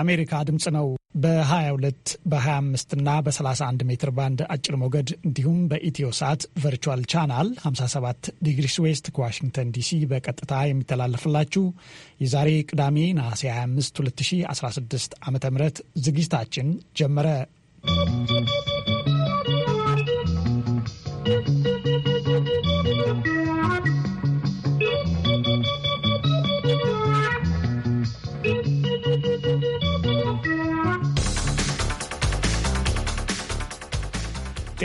የአሜሪካ ድምፅ ነው። በ22 በ25 እና በ31 ሜትር ባንድ አጭር ሞገድ እንዲሁም በኢትዮ ሳት ቨርቹዋል ቻናል 57 ዲግሪስ ዌስት ከዋሽንግተን ዲሲ በቀጥታ የሚተላለፍላችሁ የዛሬ ቅዳሜ ነሐሴ 25 2016 ዓ ም ዝግጅታችን ጀመረ።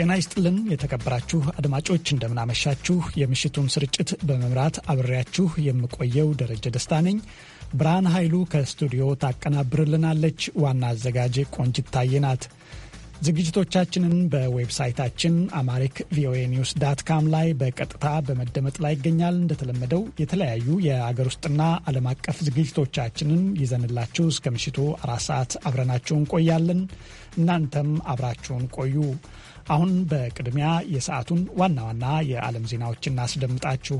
ጤና ይስጥልን የተከበራችሁ አድማጮች እንደምናመሻችሁ። የምሽቱን ስርጭት በመምራት አብሬያችሁ የምቆየው ደረጀ ደስታ ነኝ። ብርሃን ኃይሉ ከስቱዲዮ ታቀናብርልናለች። ዋና አዘጋጅ ቆንጅት ታየናት። ዝግጅቶቻችንን በዌብሳይታችን አማሪክ ቪኦኤ ኒውስ ዳት ካም ላይ በቀጥታ በመደመጥ ላይ ይገኛል። እንደተለመደው የተለያዩ የአገር ውስጥና ዓለም አቀፍ ዝግጅቶቻችንን ይዘንላችሁ እስከ ምሽቱ አራት ሰዓት አብረናችሁን ቆያለን። እናንተም አብራችሁን ቆዩ። አሁን በቅድሚያ የሰዓቱን ዋና ዋና የዓለም ዜናዎች እናስደምጣችሁ።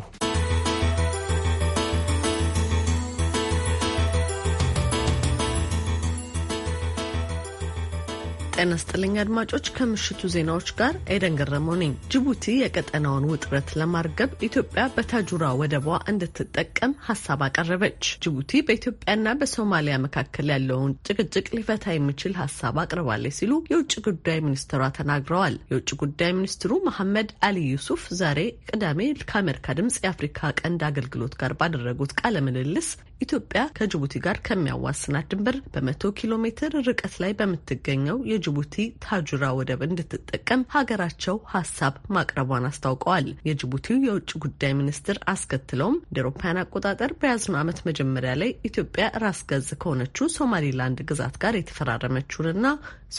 ጤና ስጥልኝ አድማጮች፣ ከምሽቱ ዜናዎች ጋር ኤደን ገረመው ነኝ። ጅቡቲ የቀጠናውን ውጥረት ለማርገብ ኢትዮጵያ በታጁራ ወደቧ እንድትጠቀም ሀሳብ አቀረበች። ጅቡቲ በኢትዮጵያና በሶማሊያ መካከል ያለውን ጭቅጭቅ ሊፈታ የሚችል ሀሳብ አቅርባለች ሲሉ የውጭ ጉዳይ ሚኒስትሯ ተናግረዋል። የውጭ ጉዳይ ሚኒስትሩ መሐመድ አሊ ዩሱፍ ዛሬ ቅዳሜ ከአሜሪካ ድምፅ የአፍሪካ ቀንድ አገልግሎት ጋር ባደረጉት ቃለ ምልልስ ኢትዮጵያ ከጅቡቲ ጋር ከሚያዋስናት ድንበር በመቶ ኪሎ ሜትር ርቀት ላይ በምትገኘው የጅቡቲ ታጁራ ወደብ እንድትጠቀም ሀገራቸው ሀሳብ ማቅረቧን አስታውቀዋል። የጅቡቲው የውጭ ጉዳይ ሚኒስትር አስከትለውም እንደ አውሮፓውያን አቆጣጠር በያዝነው ዓመት መጀመሪያ ላይ ኢትዮጵያ ራስ ገዝ ከሆነችው ሶማሊላንድ ግዛት ጋር የተፈራረመችውንና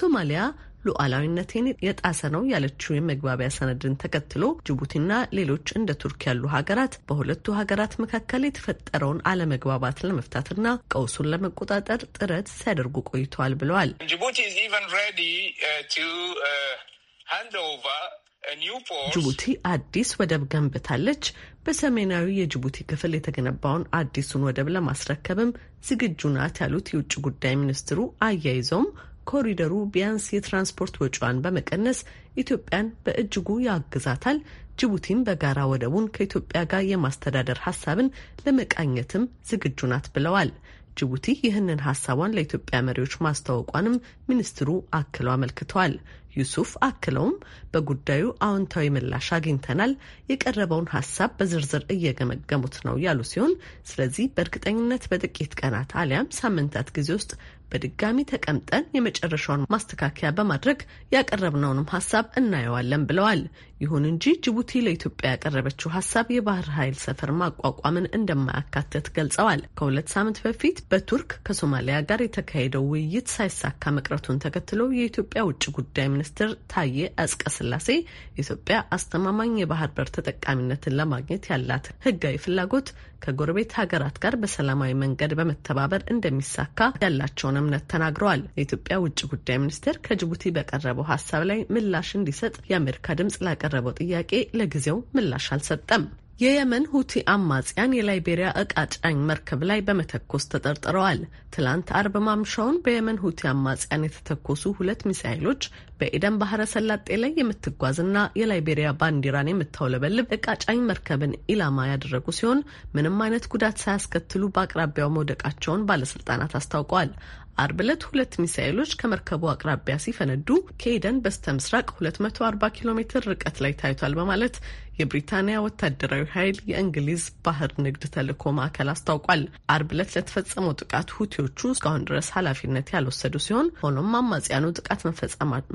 ሶማሊያ ሉዓላዊነቴን የጣሰ ነው ያለችው የመግባቢያ ሰነድን ተከትሎ ጅቡቲና ሌሎች እንደ ቱርክ ያሉ ሀገራት በሁለቱ ሀገራት መካከል የተፈጠረውን አለመግባባት ለመፍታትና ቀውሱን ለመቆጣጠር ጥረት ሲያደርጉ ቆይተዋል ብለዋል። uh, uh, ጅቡቲ አዲስ ወደብ ገንብታለች። በሰሜናዊ የጅቡቲ ክፍል የተገነባውን አዲሱን ወደብ ለማስረከብም ዝግጁ ናት ያሉት የውጭ ጉዳይ ሚኒስትሩ አያይዘውም ኮሪደሩ ቢያንስ የትራንስፖርት ወጪዋን በመቀነስ ኢትዮጵያን በእጅጉ ያግዛታል። ጅቡቲም በጋራ ወደቡን ከኢትዮጵያ ጋር የማስተዳደር ሀሳብን ለመቃኘትም ዝግጁ ናት ብለዋል። ጅቡቲ ይህንን ሀሳቧን ለኢትዮጵያ መሪዎች ማስታወቋንም ሚኒስትሩ አክለው አመልክተዋል። ዩሱፍ አክለውም በጉዳዩ አዎንታዊ ምላሽ አግኝተናል፣ የቀረበውን ሀሳብ በዝርዝር እየገመገሙት ነው ያሉ ሲሆን ስለዚህ በእርግጠኝነት በጥቂት ቀናት አሊያም ሳምንታት ጊዜ ውስጥ በድጋሚ ተቀምጠን የመጨረሻውን ማስተካከያ በማድረግ ያቀረብነውንም ሀሳብ እናየዋለን ብለዋል። ይሁን እንጂ ጅቡቲ ለኢትዮጵያ ያቀረበችው ሀሳብ የባህር ኃይል ሰፈር ማቋቋምን እንደማያካተት ገልጸዋል። ከሁለት ሳምንት በፊት በቱርክ ከሶማሊያ ጋር የተካሄደው ውይይት ሳይሳካ መቅረቱን ተከትሎ የኢትዮጵያ ውጭ ጉዳይ ሚኒስትር ታዬ አጽቀ ስላሴ ኢትዮጵያ አስተማማኝ የባህር በር ተጠቃሚነትን ለማግኘት ያላት ህጋዊ ፍላጎት ከጎረቤት ሀገራት ጋር በሰላማዊ መንገድ በመተባበር እንደሚሳካ ያላቸውን እምነት ተናግረዋል። የኢትዮጵያ ውጭ ጉዳይ ሚኒስቴር ከጅቡቲ በቀረበው ሀሳብ ላይ ምላሽ እንዲሰጥ የአሜሪካ ድምጽ ላቀረበው ጥያቄ ለጊዜው ምላሽ አልሰጠም። የየመን ሁቲ አማጽያን የላይቤሪያ እቃ ጫኝ መርከብ ላይ በመተኮስ ተጠርጥረዋል። ትላንት አርብ ማምሻውን በየመን ሁቲ አማጽያን የተተኮሱ ሁለት ሚሳይሎች በኤደን ባህረ ሰላጤ ላይ የምትጓዝና የላይቤሪያ ባንዲራን የምታውለበልብ እቃ ጫኝ መርከብን ኢላማ ያደረጉ ሲሆን ምንም አይነት ጉዳት ሳያስከትሉ በአቅራቢያው መውደቃቸውን ባለስልጣናት አስታውቀዋል። አርብ ዕለት ሁለት ሚሳኤሎች ከመርከቡ አቅራቢያ ሲፈነዱ ከኤደን በስተ ምስራቅ 240 ኪሎ ሜትር ርቀት ላይ ታይቷል በማለት የብሪታንያ ወታደራዊ ኃይል የእንግሊዝ ባህር ንግድ ተልዕኮ ማዕከል አስታውቋል። አርብ ዕለት ለተፈጸመው ጥቃት ሁቲዎቹ እስካሁን ድረስ ኃላፊነት ያልወሰዱ ሲሆን ሆኖም አማጽያኑ ጥቃት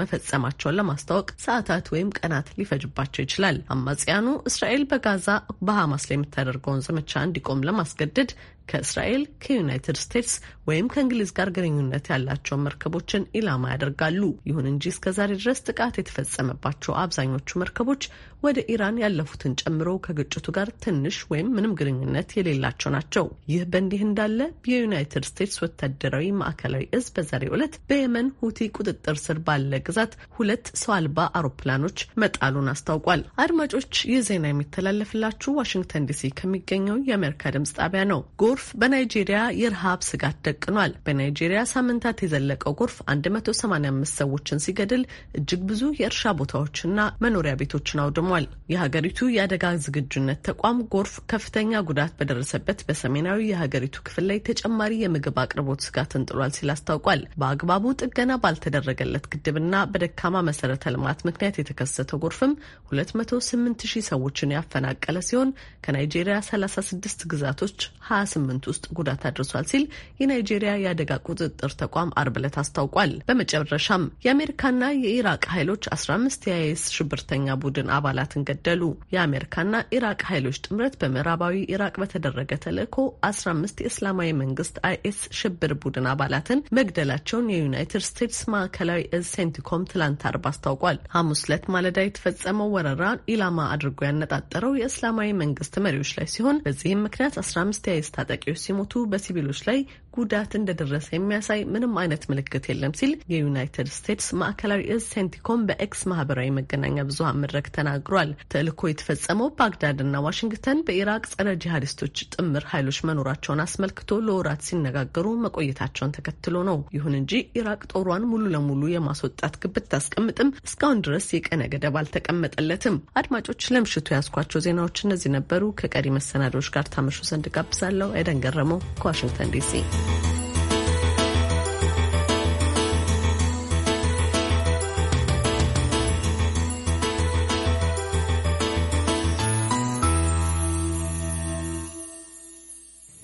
መፈጸማቸውን ለማስታወቅ ሰዓታት ወይም ቀናት ሊፈጅባቸው ይችላል። አማጽያኑ እስራኤል በጋዛ በሐማስ ላይ የምታደርገውን ዘመቻ እንዲቆም ለማስገደድ ከእስራኤል ከዩናይትድ ስቴትስ ወይም ከእንግሊዝ ጋር ግንኙነት ያላቸውን መርከቦችን ኢላማ ያደርጋሉ። ይሁን እንጂ እስከዛሬ ድረስ ጥቃት የተፈጸመባቸው አብዛኞቹ መርከቦች ወደ ኢራን ያለፉትን ጨምሮ ከግጭቱ ጋር ትንሽ ወይም ምንም ግንኙነት የሌላቸው ናቸው። ይህ በእንዲህ እንዳለ የዩናይትድ ስቴትስ ወታደራዊ ማዕከላዊ እዝ በዛሬው ዕለት በየመን ሁቲ ቁጥጥር ስር ባለ ግዛት ሁለት ሰው አልባ አውሮፕላኖች መጣሉን አስታውቋል። አድማጮች ይህ ዜና የሚተላለፍላችሁ ዋሽንግተን ዲሲ ከሚገኘው የአሜሪካ ድምጽ ጣቢያ ነው። ጎርፍ በናይጄሪያ የረሃብ ስጋት ደቅኗል። በናይጄሪያ ሳምንታት የዘለቀው ጎርፍ 185 ሰዎችን ሲገድል እጅግ ብዙ የእርሻ ቦታዎችና መኖሪያ ቤቶችን አውድሟል። ተጠቅሟል። የሀገሪቱ የአደጋ ዝግጁነት ተቋም ጎርፍ ከፍተኛ ጉዳት በደረሰበት በሰሜናዊ የሀገሪቱ ክፍል ላይ ተጨማሪ የምግብ አቅርቦት ስጋትን ጥሏል ሲል አስታውቋል። በአግባቡ ጥገና ባልተደረገለት ግድብና በደካማ መሰረተ ልማት ምክንያት የተከሰተው ጎርፍም 208 ሺህ ሰዎችን ያፈናቀለ ሲሆን ከናይጄሪያ 36 ግዛቶች 28 ውስጥ ጉዳት አድርሷል ሲል የናይጄሪያ የአደጋ ቁጥጥር ተቋም አርብ ዕለት አስታውቋል። በመጨረሻም የአሜሪካና የኢራቅ ኃይሎች 15 የአይኤስ ሽብርተኛ ቡድን አባላት አባላትን ገደሉ። የአሜሪካና ኢራቅ ኃይሎች ጥምረት በምዕራባዊ ኢራቅ በተደረገ ተልዕኮ 15 የእስላማዊ መንግስት አይኤስ ሽብር ቡድን አባላትን መግደላቸውን የዩናይትድ ስቴትስ ማዕከላዊ እዝ ሴንቲኮም ትላንት አርብ አስታውቋል። ሐሙስ ዕለት ማለዳ የተፈጸመው ወረራ ኢላማ አድርጎ ያነጣጠረው የእስላማዊ መንግስት መሪዎች ላይ ሲሆን በዚህም ምክንያት 15 አምስት የአይኤስ ታጣቂዎች ሲሞቱ በሲቪሎች ላይ ጉዳት እንደደረሰ የሚያሳይ ምንም አይነት ምልክት የለም ሲል የዩናይትድ ስቴትስ ማዕከላዊ እዝ ሴንቲኮም በኤክስ ማህበራዊ መገናኛ ብዙሀን መድረክ ተናግሯል። ተናግሯል። ተልእኮ የተፈጸመው ባግዳድና ዋሽንግተን በኢራቅ ጸረ ጂሃዲስቶች ጥምር ኃይሎች መኖራቸውን አስመልክቶ ለወራት ሲነጋገሩ መቆየታቸውን ተከትሎ ነው። ይሁን እንጂ ኢራቅ ጦሯን ሙሉ ለሙሉ የማስወጣት ግብ ብታስቀምጥም እስካሁን ድረስ የቀነ ገደብ አልተቀመጠለትም። አድማጮች፣ ለምሽቱ ያስኳቸው ዜናዎች እነዚህ ነበሩ። ከቀሪ መሰናዶዎች ጋር ታመሹ ዘንድ ጋብዛለሁ። አይደን ገረመው ከዋሽንግተን ዲሲ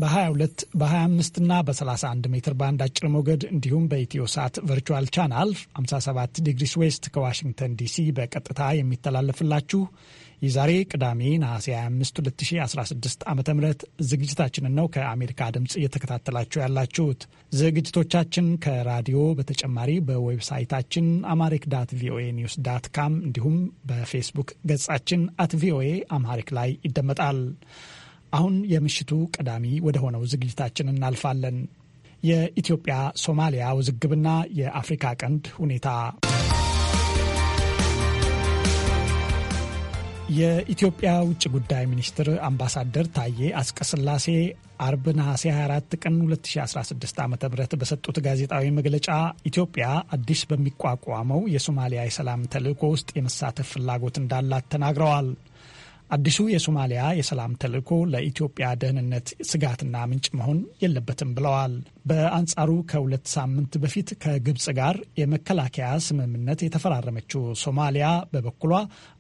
በ22 በ25 እና በ31 ሜትር ባንድ አጭር ሞገድ እንዲሁም በኢትዮ ሳት ቨርቹዋል ቻናል 57 ዲግሪስ ዌስት ከዋሽንግተን ዲሲ በቀጥታ የሚተላለፍላችሁ የዛሬ ቅዳሜ ነሐሴ 25 2016 ዓ ም ዝግጅታችንን ነው ከአሜሪካ ድምፅ እየተከታተላችሁ ያላችሁት። ዝግጅቶቻችን ከራዲዮ በተጨማሪ በዌብሳይታችን አማሪክ ዳት ቪኦኤ ኒውስ ዳት ካም እንዲሁም በፌስቡክ ገጻችን አት ቪኦኤ አማሪክ ላይ ይደመጣል። አሁን የምሽቱ ቀዳሚ ወደ ሆነው ዝግጅታችን እናልፋለን። የኢትዮጵያ ሶማሊያ ውዝግብና የአፍሪካ ቀንድ ሁኔታ የኢትዮጵያ ውጭ ጉዳይ ሚኒስትር አምባሳደር ታዬ አስቀስላሴ አርብ ነሐሴ 24 ቀን 2016 ዓ ም በሰጡት ጋዜጣዊ መግለጫ ኢትዮጵያ አዲስ በሚቋቋመው የሶማሊያ የሰላም ተልዕኮ ውስጥ የመሳተፍ ፍላጎት እንዳላት ተናግረዋል። አዲሱ የሶማሊያ የሰላም ተልእኮ ለኢትዮጵያ ደህንነት ስጋትና ምንጭ መሆን የለበትም ብለዋል። በአንጻሩ ከሁለት ሳምንት በፊት ከግብፅ ጋር የመከላከያ ስምምነት የተፈራረመችው ሶማሊያ በበኩሏ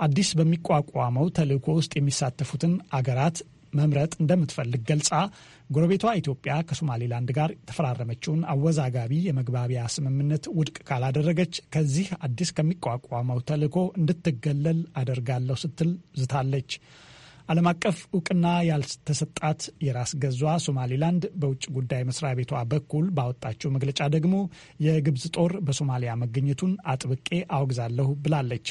አዲስ በሚቋቋመው ተልእኮ ውስጥ የሚሳተፉትን አገራት መምረጥ እንደምትፈልግ ገልጻ ጎረቤቷ ኢትዮጵያ ከሶማሌላንድ ጋር የተፈራረመችውን አወዛጋቢ የመግባቢያ ስምምነት ውድቅ ካላደረገች ከዚህ አዲስ ከሚቋቋመው ተልዕኮ እንድትገለል አደርጋለሁ ስትል ዝታለች። ዓለም አቀፍ እውቅና ያልተሰጣት የራስ ገዟ ሶማሌላንድ በውጭ ጉዳይ መስሪያ ቤቷ በኩል ባወጣችው መግለጫ ደግሞ የግብፅ ጦር በሶማሊያ መገኘቱን አጥብቄ አወግዛለሁ ብላለች።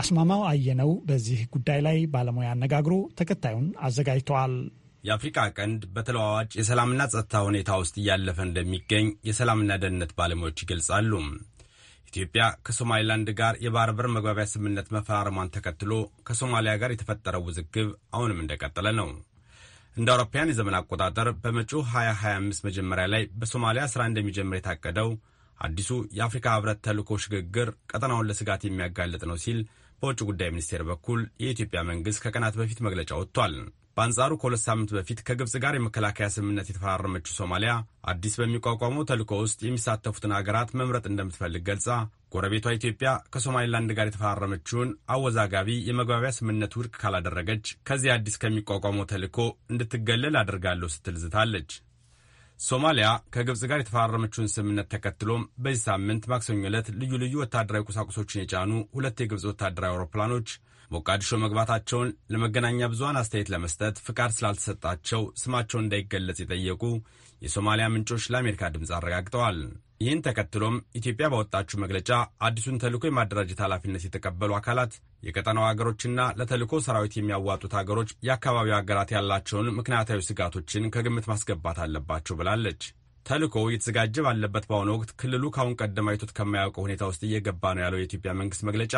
አስማማው አየነው በዚህ ጉዳይ ላይ ባለሙያ አነጋግሮ ተከታዩን አዘጋጅተዋል። የአፍሪካ ቀንድ በተለዋዋጭ የሰላምና ጸጥታ ሁኔታ ውስጥ እያለፈ እንደሚገኝ የሰላምና ደህንነት ባለሙያዎች ይገልጻሉ። ኢትዮጵያ ከሶማሊላንድ ጋር የባህር በር መግባቢያ ስምምነት መፈራረሟን ተከትሎ ከሶማሊያ ጋር የተፈጠረው ውዝግብ አሁንም እንደቀጠለ ነው። እንደ አውሮፓውያን የዘመን አቆጣጠር በመጪው 2025 መጀመሪያ ላይ በሶማሊያ ስራ እንደሚጀምር የታቀደው አዲሱ የአፍሪካ ህብረት ተልኮ ሽግግር ቀጠናውን ለስጋት የሚያጋልጥ ነው ሲል በውጭ ጉዳይ ሚኒስቴር በኩል የኢትዮጵያ መንግሥት ከቀናት በፊት መግለጫ ወጥቷል። በአንጻሩ ከሁለት ሳምንት በፊት ከግብፅ ጋር የመከላከያ ስምምነት የተፈራረመችው ሶማሊያ አዲስ በሚቋቋመው ተልእኮ ውስጥ የሚሳተፉትን ሀገራት መምረጥ እንደምትፈልግ ገልጻ ጎረቤቷ ኢትዮጵያ ከሶማሌላንድ ጋር የተፈራረመችውን አወዛጋቢ የመግባቢያ ስምምነት ውድቅ ካላደረገች ከዚህ አዲስ ከሚቋቋመው ተልእኮ እንድትገለል አድርጋለሁ ስትል ዝታለች። ሶማሊያ ከግብፅ ጋር የተፈራረመችውን ስምምነት ተከትሎም በዚህ ሳምንት ማክሰኞ ዕለት ልዩ ልዩ ወታደራዊ ቁሳቁሶችን የጫኑ ሁለት የግብፅ ወታደራዊ አውሮፕላኖች ሞቃዲሾ መግባታቸውን ለመገናኛ ብዙን አስተያየት ለመስጠት ፍቃድ ስላልተሰጣቸው ስማቸውን እንዳይገለጽ የጠየቁ የሶማሊያ ምንጮች ለአሜሪካ ድምፅ አረጋግጠዋል። ይህን ተከትሎም ኢትዮጵያ ባወጣችው መግለጫ አዲሱን ተልኮ የማደራጀት ኃላፊነት የተቀበሉ አካላት የቀጠናው ሀገሮችና ለተልኮ ሰራዊት የሚያዋጡት ሀገሮች የአካባቢው ሀገራት ያላቸውን ምክንያታዊ ስጋቶችን ከግምት ማስገባት አለባቸው ብላለች። ተልኮ እየተዘጋጀ ባለበት በአሁኑ ወቅት ክልሉ ከአሁን ቀደም አይቶት ከማያውቀው ሁኔታ ውስጥ እየገባ ነው ያለው የኢትዮጵያ መንግስት መግለጫ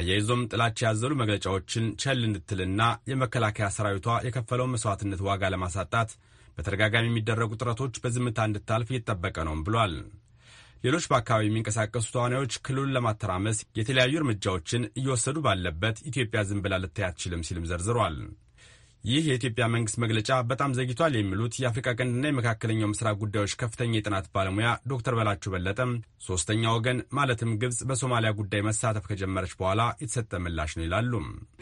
አያይዞም ጥላቻ ያዘሉ መግለጫዎችን ቸል እንድትልና የመከላከያ ሰራዊቷ የከፈለውን መስዋዕትነት ዋጋ ለማሳጣት በተደጋጋሚ የሚደረጉ ጥረቶች በዝምታ እንድታልፍ እየጠበቀ ነውም ብሏል። ሌሎች በአካባቢ የሚንቀሳቀሱ ተዋናዮች ክልሉን ለማተራመስ የተለያዩ እርምጃዎችን እየወሰዱ ባለበት ኢትዮጵያ ዝም ብላ ልታይ አትችልም ሲልም ዘርዝሯል። ይህ የኢትዮጵያ መንግስት መግለጫ በጣም ዘግይቷል የሚሉት የአፍሪካ ቀንድና የመካከለኛው ምስራቅ ጉዳዮች ከፍተኛ የጥናት ባለሙያ ዶክተር በላቸው በለጠም ሶስተኛ ወገን ማለትም ግብጽ በሶማሊያ ጉዳይ መሳተፍ ከጀመረች በኋላ የተሰጠ ምላሽ ነው ይላሉ።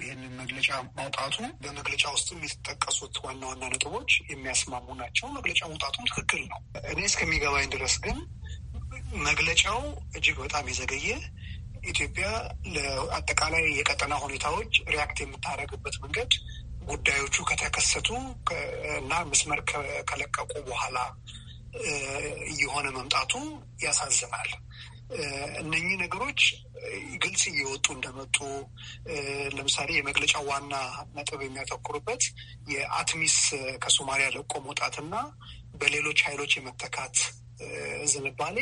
ይህንን መግለጫ ማውጣቱ በመግለጫ ውስጥም የተጠቀሱት ዋና ዋና ነጥቦች የሚያስማሙ ናቸው። መግለጫ መውጣቱም ትክክል ነው። እኔ እስከሚገባኝ ድረስ ግን መግለጫው እጅግ በጣም የዘገየ ኢትዮጵያ ለአጠቃላይ የቀጠና ሁኔታዎች ሪያክት የምታደርግበት መንገድ ጉዳዮቹ ከተከሰቱ እና መስመር ከለቀቁ በኋላ እየሆነ መምጣቱ ያሳዝናል። እነኚህ ነገሮች ግልጽ እየወጡ እንደመጡ ለምሳሌ የመግለጫው ዋና ነጥብ የሚያተኩሩበት የአትሚስ ከሶማሊያ ለቆ መውጣትና በሌሎች ኃይሎች የመተካት ዝንባሌ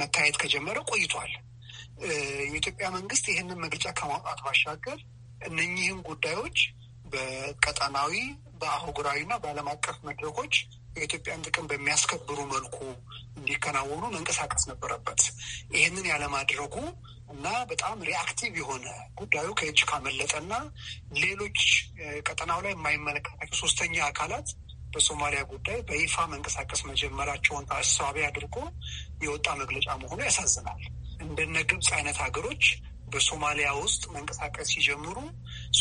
መታየት ከጀመረ ቆይቷል። የኢትዮጵያ መንግስት ይህንን መግለጫ ከማውጣት ባሻገር እነኚህን ጉዳዮች በቀጠናዊ በአህጉራዊ እና በዓለም አቀፍ መድረኮች የኢትዮጵያን ጥቅም በሚያስከብሩ መልኩ እንዲከናወኑ መንቀሳቀስ ነበረበት። ይህንን ያለማድረጉ እና በጣም ሪአክቲቭ የሆነ ጉዳዩ ከእጅ ካመለጠ ሌሎች ቀጠናው ላይ የማይመለከታቸው ሶስተኛ አካላት በሶማሊያ ጉዳይ በይፋ መንቀሳቀስ መጀመራቸውን ታሳቢ አድርጎ የወጣ መግለጫ መሆኑ ያሳዝናል። እንደነ ግብፅ አይነት ሀገሮች በሶማሊያ ውስጥ መንቀሳቀስ ሲጀምሩ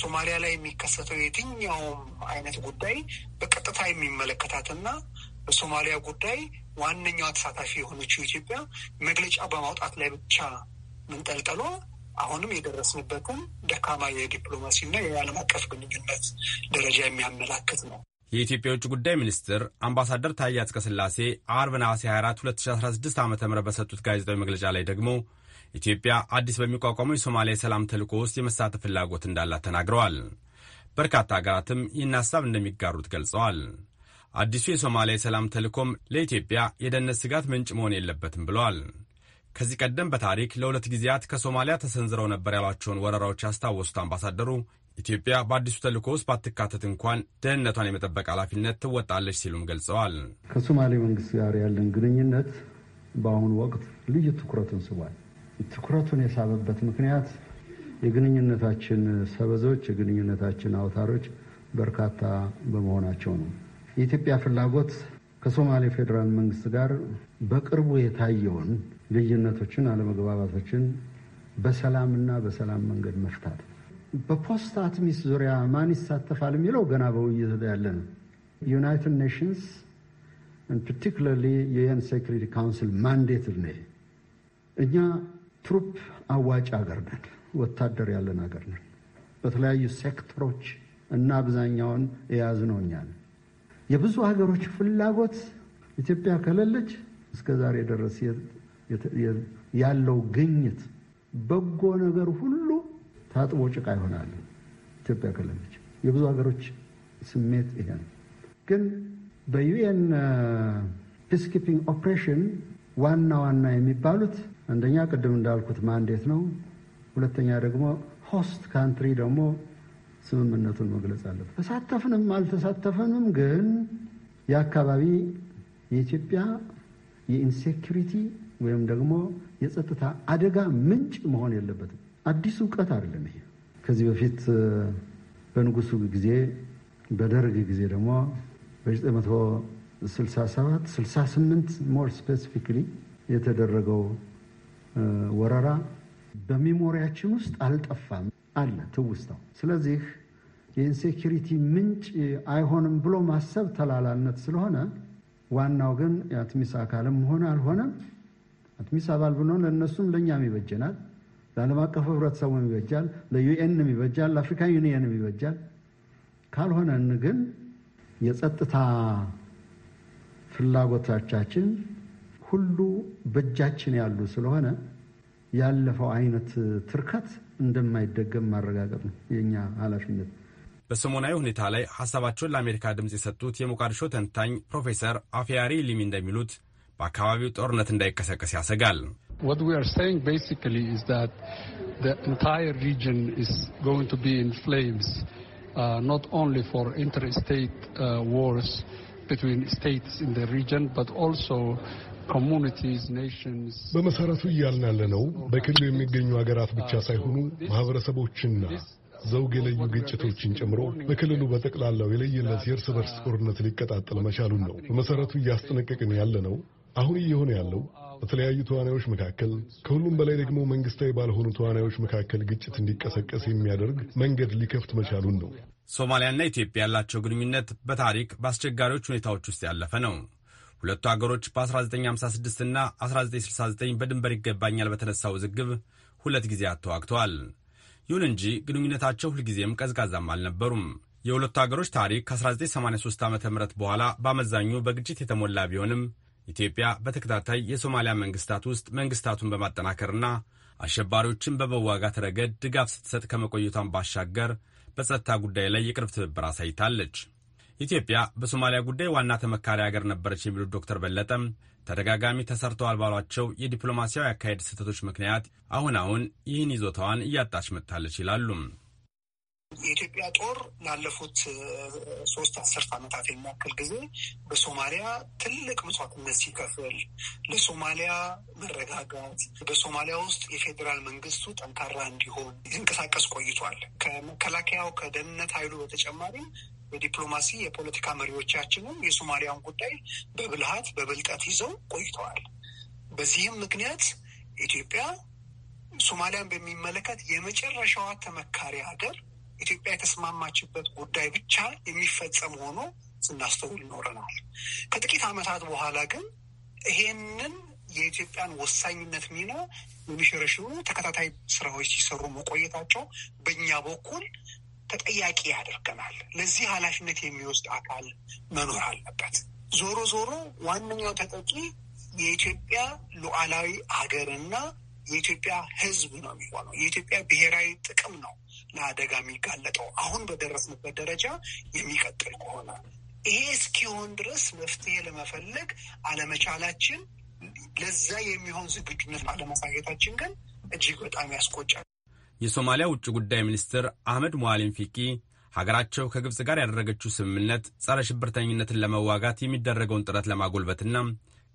ሶማሊያ ላይ የሚከሰተው የትኛውም አይነት ጉዳይ በቀጥታ የሚመለከታትና በሶማሊያ ጉዳይ ዋነኛዋ ተሳታፊ የሆነችው ኢትዮጵያ መግለጫ በማውጣት ላይ ብቻ ምንጠልጠሎ አሁንም የደረስንበትን ደካማ የዲፕሎማሲና የዓለም አቀፍ ግንኙነት ደረጃ የሚያመላክት ነው። የኢትዮጵያ የውጭ ጉዳይ ሚኒስትር አምባሳደር ታዬ አጽቀሥላሴ አርብ ነሐሴ 24 2016 ዓ ም በሰጡት ጋዜጣዊ መግለጫ ላይ ደግሞ ኢትዮጵያ አዲስ በሚቋቋመው የሶማሊያ የሰላም ተልዕኮ ውስጥ የመሳተፍ ፍላጎት እንዳላት ተናግረዋል። በርካታ ሀገራትም ይህን ሀሳብ እንደሚጋሩት ገልጸዋል። አዲሱ የሶማሊያ የሰላም ተልዕኮም ለኢትዮጵያ የደህንነት ስጋት ምንጭ መሆን የለበትም ብለዋል። ከዚህ ቀደም በታሪክ ለሁለት ጊዜያት ከሶማሊያ ተሰንዝረው ነበር ያሏቸውን ወረራዎች ያስታወሱት አምባሳደሩ ኢትዮጵያ በአዲሱ ተልእኮ ውስጥ ባትካተት እንኳን ደህንነቷን የመጠበቅ ኃላፊነት ትወጣለች ሲሉም ገልጸዋል። ከሶማሌ መንግስት ጋር ያለን ግንኙነት በአሁኑ ወቅት ልዩ ትኩረቱን ስቧል። ትኩረቱን የሳበበት ምክንያት የግንኙነታችን ሰበዞች፣ የግንኙነታችን አውታሮች በርካታ በመሆናቸው ነው። የኢትዮጵያ ፍላጎት ከሶማሌ ፌዴራል መንግስት ጋር በቅርቡ የታየውን ልዩነቶችን፣ አለመግባባቶችን በሰላምና በሰላም መንገድ መፍታት በፖስታት አትሚስ ዙሪያ ማን ይሳተፋል የሚለው ገና በውይይት ያለ ነው። ዩናይትድ ኔሽንስ ፓርቲኩላርሊ የዩኤን ሴክሪቲ ካውንስል ማንዴት ነው። እኛ ትሩፕ አዋጭ ሀገር ነን፣ ወታደር ያለን ሀገር ነን። በተለያዩ ሴክተሮች እና አብዛኛውን የያዝነው እኛ ነን። የብዙ ሀገሮች ፍላጎት ኢትዮጵያ ከሌለች እስከ ዛሬ ድረስ ያለው ግኝት በጎ ነገር ሁሉ ታጥቦ ጭቃ ይሆናሉ። ኢትዮጵያ ክልሎች የብዙ ሀገሮች ስሜት ይሄ ነው። ግን በዩኤን ፒስኪፒንግ uh, ኦፕሬሽን ዋና ዋና የሚባሉት አንደኛ ቅድም እንዳልኩት ማንዴት ነው። ሁለተኛ ደግሞ ሆስት ካንትሪ ደግሞ ስምምነቱን መግለጽ አለበት። ተሳተፍንም አልተሳተፈንም ግን የአካባቢ የኢትዮጵያ የኢንሴኪሪቲ ወይም ደግሞ የጸጥታ አደጋ ምንጭ መሆን የለበትም። አዲስ እውቀት አይደለም ይሄ። ከዚህ በፊት በንጉሱ ጊዜ በደርግ ጊዜ ደግሞ በ967 68 ሞር ስፔሲፊክሊ የተደረገው ወረራ በሜሞሪያችን ውስጥ አልጠፋም አለ ትውስታው። ስለዚህ የኢንሴኪሪቲ ምንጭ አይሆንም ብሎ ማሰብ ተላላነት ስለሆነ ዋናው ግን የአትሚስ አካልም ሆነ አልሆነም አትሚስ አባል ብንሆን ለእነሱም ለእኛም ይበጀናል። ለዓለም አቀፍ ህብረተሰቡም ይበጃል፣ ለዩኤንም ይበጃል፣ ለአፍሪካ ዩኒየንም ይበጃል። ካልሆነን ግን የጸጥታ ፍላጎቶቻችን ሁሉ በእጃችን ያሉ ስለሆነ ያለፈው አይነት ትርከት እንደማይደገም ማረጋገጥ ነው የእኛ ኃላፊነት። በሰሞናዊ ሁኔታ ላይ ሀሳባቸውን ለአሜሪካ ድምፅ የሰጡት የሞቃዲሾ ተንታኝ ፕሮፌሰር አፍያሪ ሊሚ እንደሚሉት በአካባቢው ጦርነት እንዳይቀሰቀስ ያሰጋል። What we are saying basically is that the entire region is going to be in flames, uh, not only for interstate uh, wars between states in the region, but also communities, nations. በመሰረቱ እያልን ያለነው በክልሉ የሚገኙ ሀገራት ብቻ ሳይሆኑ ማህበረሰቦችና ዘውግ የለዩ ግጭቶችን ጨምሮ በክልሉ በጠቅላላው የለየለት የእርስ በርስ ጦርነት ሊቀጣጠል መቻሉን ነው። በመሰረቱ እያስጠነቀቅን ያለነው አሁን እየሆነ ያለው በተለያዩ ተዋናዮች መካከል ከሁሉም በላይ ደግሞ መንግስታዊ ባልሆኑ ተዋናዮች መካከል ግጭት እንዲቀሰቀስ የሚያደርግ መንገድ ሊከፍት መቻሉን ነው። ሶማሊያና ኢትዮጵያ ያላቸው ግንኙነት በታሪክ በአስቸጋሪዎች ሁኔታዎች ውስጥ ያለፈ ነው። ሁለቱ አገሮች በ1956 እና 1969 በድንበር ይገባኛል በተነሳ ውዝግብ ሁለት ጊዜያት አተዋግተዋል። ይሁን እንጂ ግንኙነታቸው ሁልጊዜም ቀዝቃዛም አልነበሩም። የሁለቱ አገሮች ታሪክ ከ1983 ዓ ም በኋላ በአመዛኙ በግጭት የተሞላ ቢሆንም ኢትዮጵያ በተከታታይ የሶማሊያ መንግስታት ውስጥ መንግስታቱን በማጠናከርና አሸባሪዎችን በመዋጋት ረገድ ድጋፍ ስትሰጥ ከመቆየቷን ባሻገር በጸጥታ ጉዳይ ላይ የቅርብ ትብብር አሳይታለች። ኢትዮጵያ በሶማሊያ ጉዳይ ዋና ተመካሪ ሀገር ነበረች የሚሉት ዶክተር በለጠም ተደጋጋሚ ተሰርተዋል ባሏቸው የዲፕሎማሲያዊ አካሄድ ስህተቶች ምክንያት አሁን አሁን ይህን ይዞታዋን እያጣች መጥታለች ይላሉም። የኢትዮጵያ ጦር ላለፉት ሶስት አስርት ዓመታት የሚያክል ጊዜ በሶማሊያ ትልቅ መስዋዕትነት ሲከፍል ለሶማሊያ መረጋጋት በሶማሊያ ውስጥ የፌዴራል መንግስቱ ጠንካራ እንዲሆን ይንቀሳቀስ ቆይቷል። ከመከላከያው ከደህንነት ኃይሉ በተጨማሪ የዲፕሎማሲ የፖለቲካ መሪዎቻችንም የሶማሊያን ጉዳይ በብልሃት በብልጠት ይዘው ቆይተዋል። በዚህም ምክንያት ኢትዮጵያ ሶማሊያን በሚመለከት የመጨረሻዋ ተመካሪ ሀገር ኢትዮጵያ የተስማማችበት ጉዳይ ብቻ የሚፈጸም ሆኖ ስናስተውል ይኖረናል። ከጥቂት ዓመታት በኋላ ግን ይሄንን የኢትዮጵያን ወሳኝነት ሚና የሚሸረሽሩ ተከታታይ ስራዎች ሲሰሩ መቆየታቸው በእኛ በኩል ተጠያቂ ያደርገናል። ለዚህ ኃላፊነት የሚወስድ አካል መኖር አለበት። ዞሮ ዞሮ ዋነኛው ተጠቂ የኢትዮጵያ ሉዓላዊ ሀገርና የኢትዮጵያ ሕዝብ ነው የሚሆነው። የኢትዮጵያ ብሔራዊ ጥቅም ነው ለአደጋ የሚጋለጠው አሁን በደረስንበት ደረጃ የሚቀጥል ከሆነ ይሄ እስኪሆን ድረስ መፍትሄ ለመፈለግ አለመቻላችን፣ ለዛ የሚሆን ዝግጁነት አለመሳየታችን ግን እጅግ በጣም ያስቆጫል። የሶማሊያ ውጭ ጉዳይ ሚኒስትር አህመድ ሞአሊም ፊቂ ሀገራቸው ከግብፅ ጋር ያደረገችው ስምምነት ጸረ ሽብርተኝነትን ለመዋጋት የሚደረገውን ጥረት ለማጎልበትና